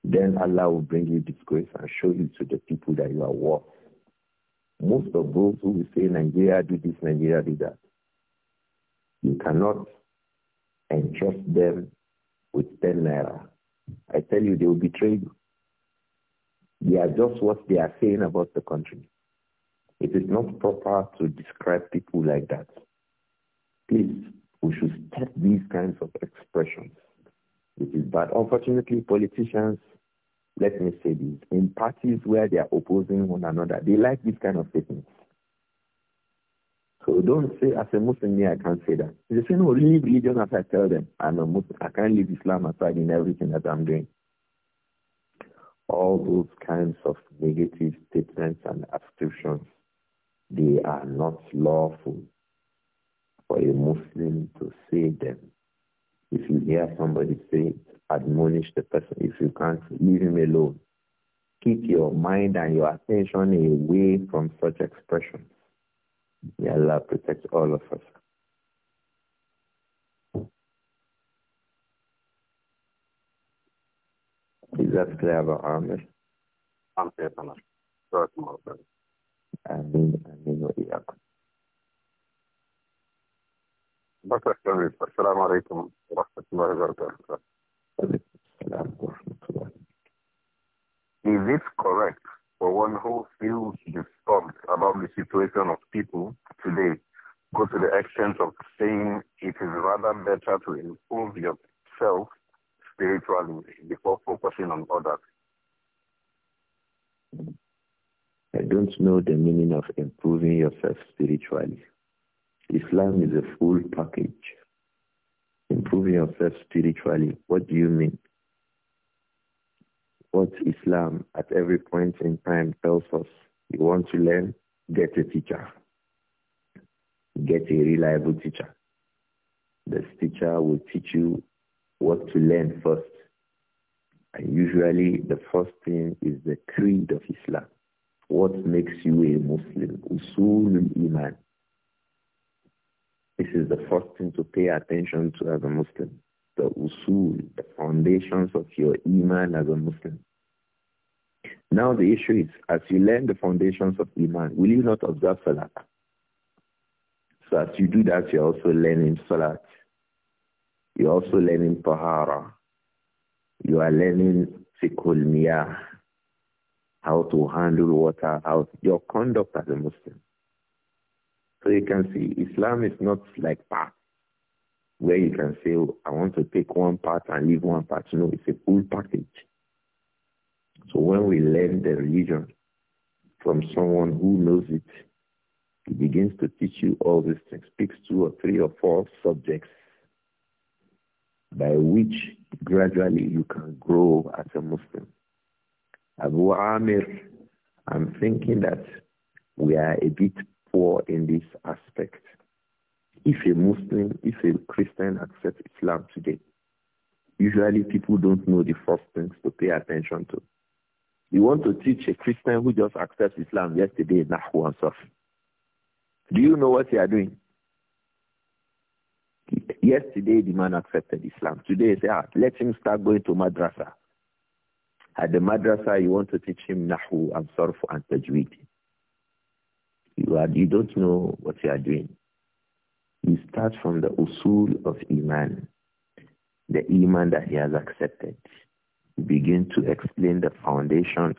Then Allah will bring you disgrace and show you to the people that you are worth. Most of those who will say Nigeria do this, Nigeria do that, you cannot entrust them with 10 naira I tell you, they will betray you. They are just what they are saying about the country. It is not proper to describe people like that. Please, we should stop these kinds of expressions. It is bad. Unfortunately, politicians, let me say this, in parties where they are opposing one another, they like these kind of statements. So don't say, as a Muslim, me, I can't say that. They say, no, leave religion as I tell them. I'm a Muslim. I can't leave Islam aside in everything that I'm doing. All those kinds of negative statements and ascriptions, they are not lawful for a Muslim to say them. If you hear somebody say, it, admonish the person. If you can't, leave him alone. Keep your mind and your attention away from such expressions May Allah protect all of us. Is that clear about Amir? I'm clear, Sorry, brother. Amin, Amin, wa iyakum. بكرة الشريف السلام Is it correct for one who feels disturbed about the situation of people today go to the extent of saying it is rather better to improve yourself spiritually before focusing on others? I don't know the meaning of improving yourself spiritually. Islam is a full package. Improving yourself spiritually, what do you mean? what Islam at every point in time tells us. You want to learn, get a teacher. Get a reliable teacher. This teacher will teach you what to learn first. And usually the first thing is the creed of Islam. What makes you a Muslim? Usul Iman. This is the first thing to pay attention to as a Muslim the usul, the foundations of your iman as a Muslim. Now the issue is, as you learn the foundations of iman, will you not observe salat? So as you do that, you're also learning salat. You're also learning tahara. You are learning sikul miyah, how to handle water, how your conduct as a Muslim. So you can see Islam is not like that where you can say, oh, I want to take one part and leave one part. No, it's a full package. So when we learn the religion from someone who knows it, he begins to teach you all these things, picks two or three or four subjects by which gradually you can grow as a Muslim. Abu Amir, I'm thinking that we are a bit poor in this aspect. If a Muslim, if a Christian accepts Islam today, usually people don't know the first things to pay attention to. You want to teach a Christian who just accepts Islam yesterday, Nahu and Sufi. Do you know what you are doing? Yesterday, the man accepted Islam. Today, he said, ah, let him start going to madrasa. At the madrasa, you want to teach him Nahu and Sufi and Tajweed. You, are, you don't know what you are doing he start from the usul of Iman, the Iman that he has accepted. He begin to explain the foundation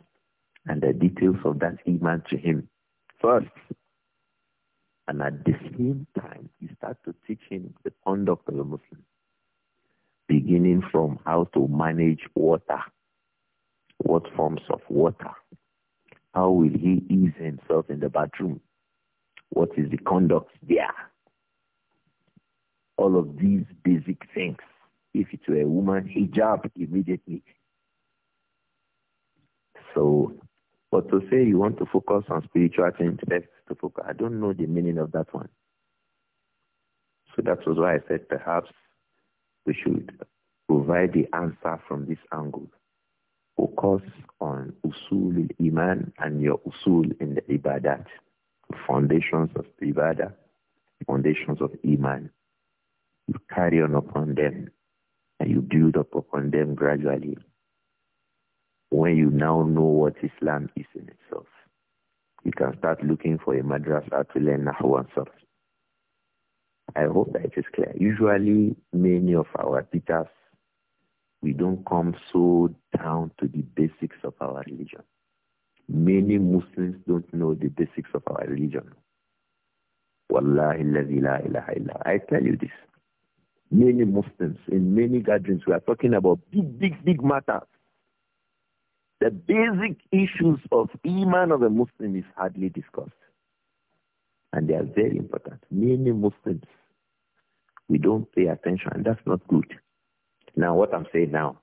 and the details of that Iman to him first. And at the same time, he start to teach him the conduct of a Muslim, beginning from how to manage water, what forms of water, how will he ease himself in the bathroom, what is the conduct there all of these basic things. If it were a woman, hijab immediately. So, but to say you want to focus on spiritual things, to focus, I don't know the meaning of that one. So that was why I said perhaps we should provide the answer from this angle. Focus on usul iman and your usul in the ibadat, foundations of ibadah, foundations of iman. You carry on upon them and you build up upon them gradually when you now know what Islam is in itself. You can start looking for a madrasa to learn Nahu and Sarf. I hope that it is clear. Usually, many of our teachers, we don't come so down to the basics of our religion. Many Muslims don't know the basics of our religion. Wallahi la ilaha illa. I tell you this many Muslims in many gatherings. We are talking about big, big, big matters. The basic issues of Iman of a Muslim is hardly discussed. And they are very important. Many Muslims, we don't pay attention, and that's not good. Now, what I'm saying now,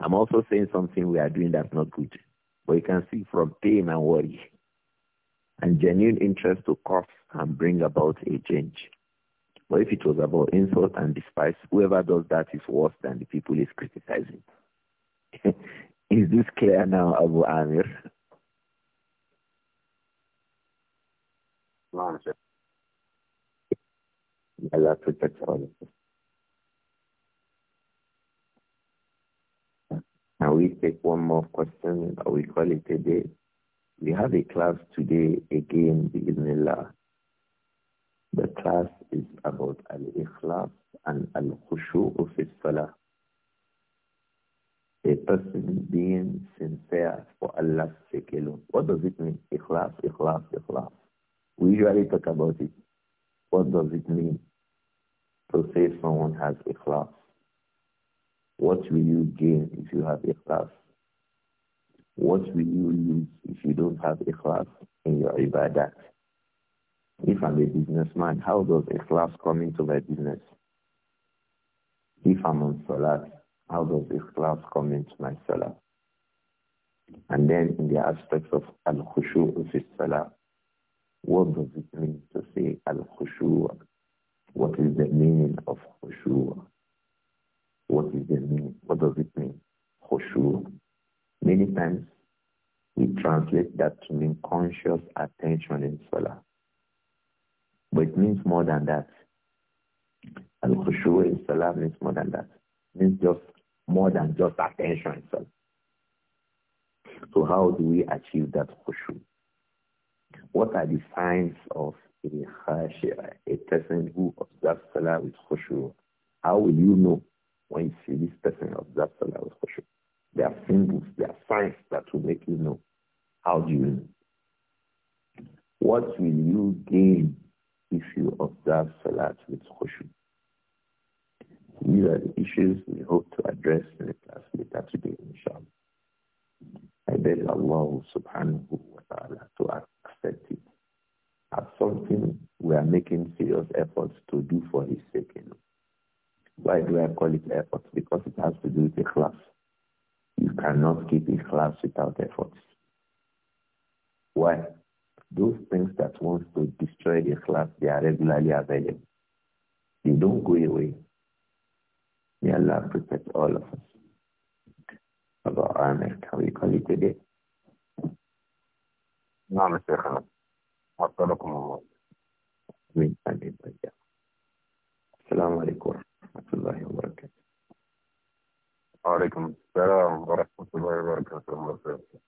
I'm also saying something we are doing that's not good. But you can see from pain and worry and genuine interest to cause and bring about a change. But if it was about insult and despise, whoever does that is worse than the people he's criticizing. is this clear now, Abu Amir? Now we take one more question? Are we call it a day? We have a class today again, Bismillah. The class is about al-ikhlas and al-khushu'u fi salah. A person being sincere for Allah's sake alone. What does it mean? Ikhlas, ikhlas, ikhlas. We usually talk about it. What does it mean to say someone has ikhlas? What will you gain if you have ikhlas? What will you lose if you don't have ikhlas in your ibadah? If I'm a businessman, how does a class come into my business? If I'm on salah, how does class come into my salah? And then in the aspects of al-khushu' fi salah, what does it mean to say al-khushu'? What is the meaning of khushu'? What is the meaning? What does it mean? Khushu'. Many times we translate that to mean conscious attention in salah. But it means more than that. Al-Khushu in Salah means more than that. It means just more than just attention itself. So how do we achieve that khushu? What are the signs of a a person who observes Salah with khushu? How will you know when you see this person observe Salah with khushu? There are symbols, there are signs that will make you know. How do you know? What will you gain if you observe Salat with khushu. These are the issues we hope to address in the class later today, inshallah. I beg Allah subhanahu wa ta'ala to accept it as something we are making serious efforts to do for his sake. Why do I call it effort? Because it has to do with the class. You cannot keep a class without efforts. Why? Those things that want to destroy the class, they are regularly available. They don't go away. May Allah protect all of us. About Amir, can we call it a day? نعم شيخنا وفقكم الله امين امين السلام عليكم ورحمه الله وبركاته وعليكم السلام ورحمه الله وبركاته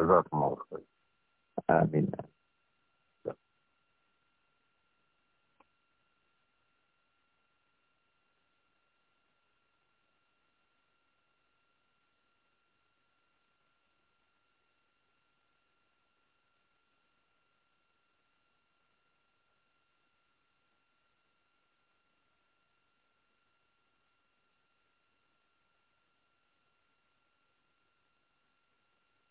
جزاكم الله خير امين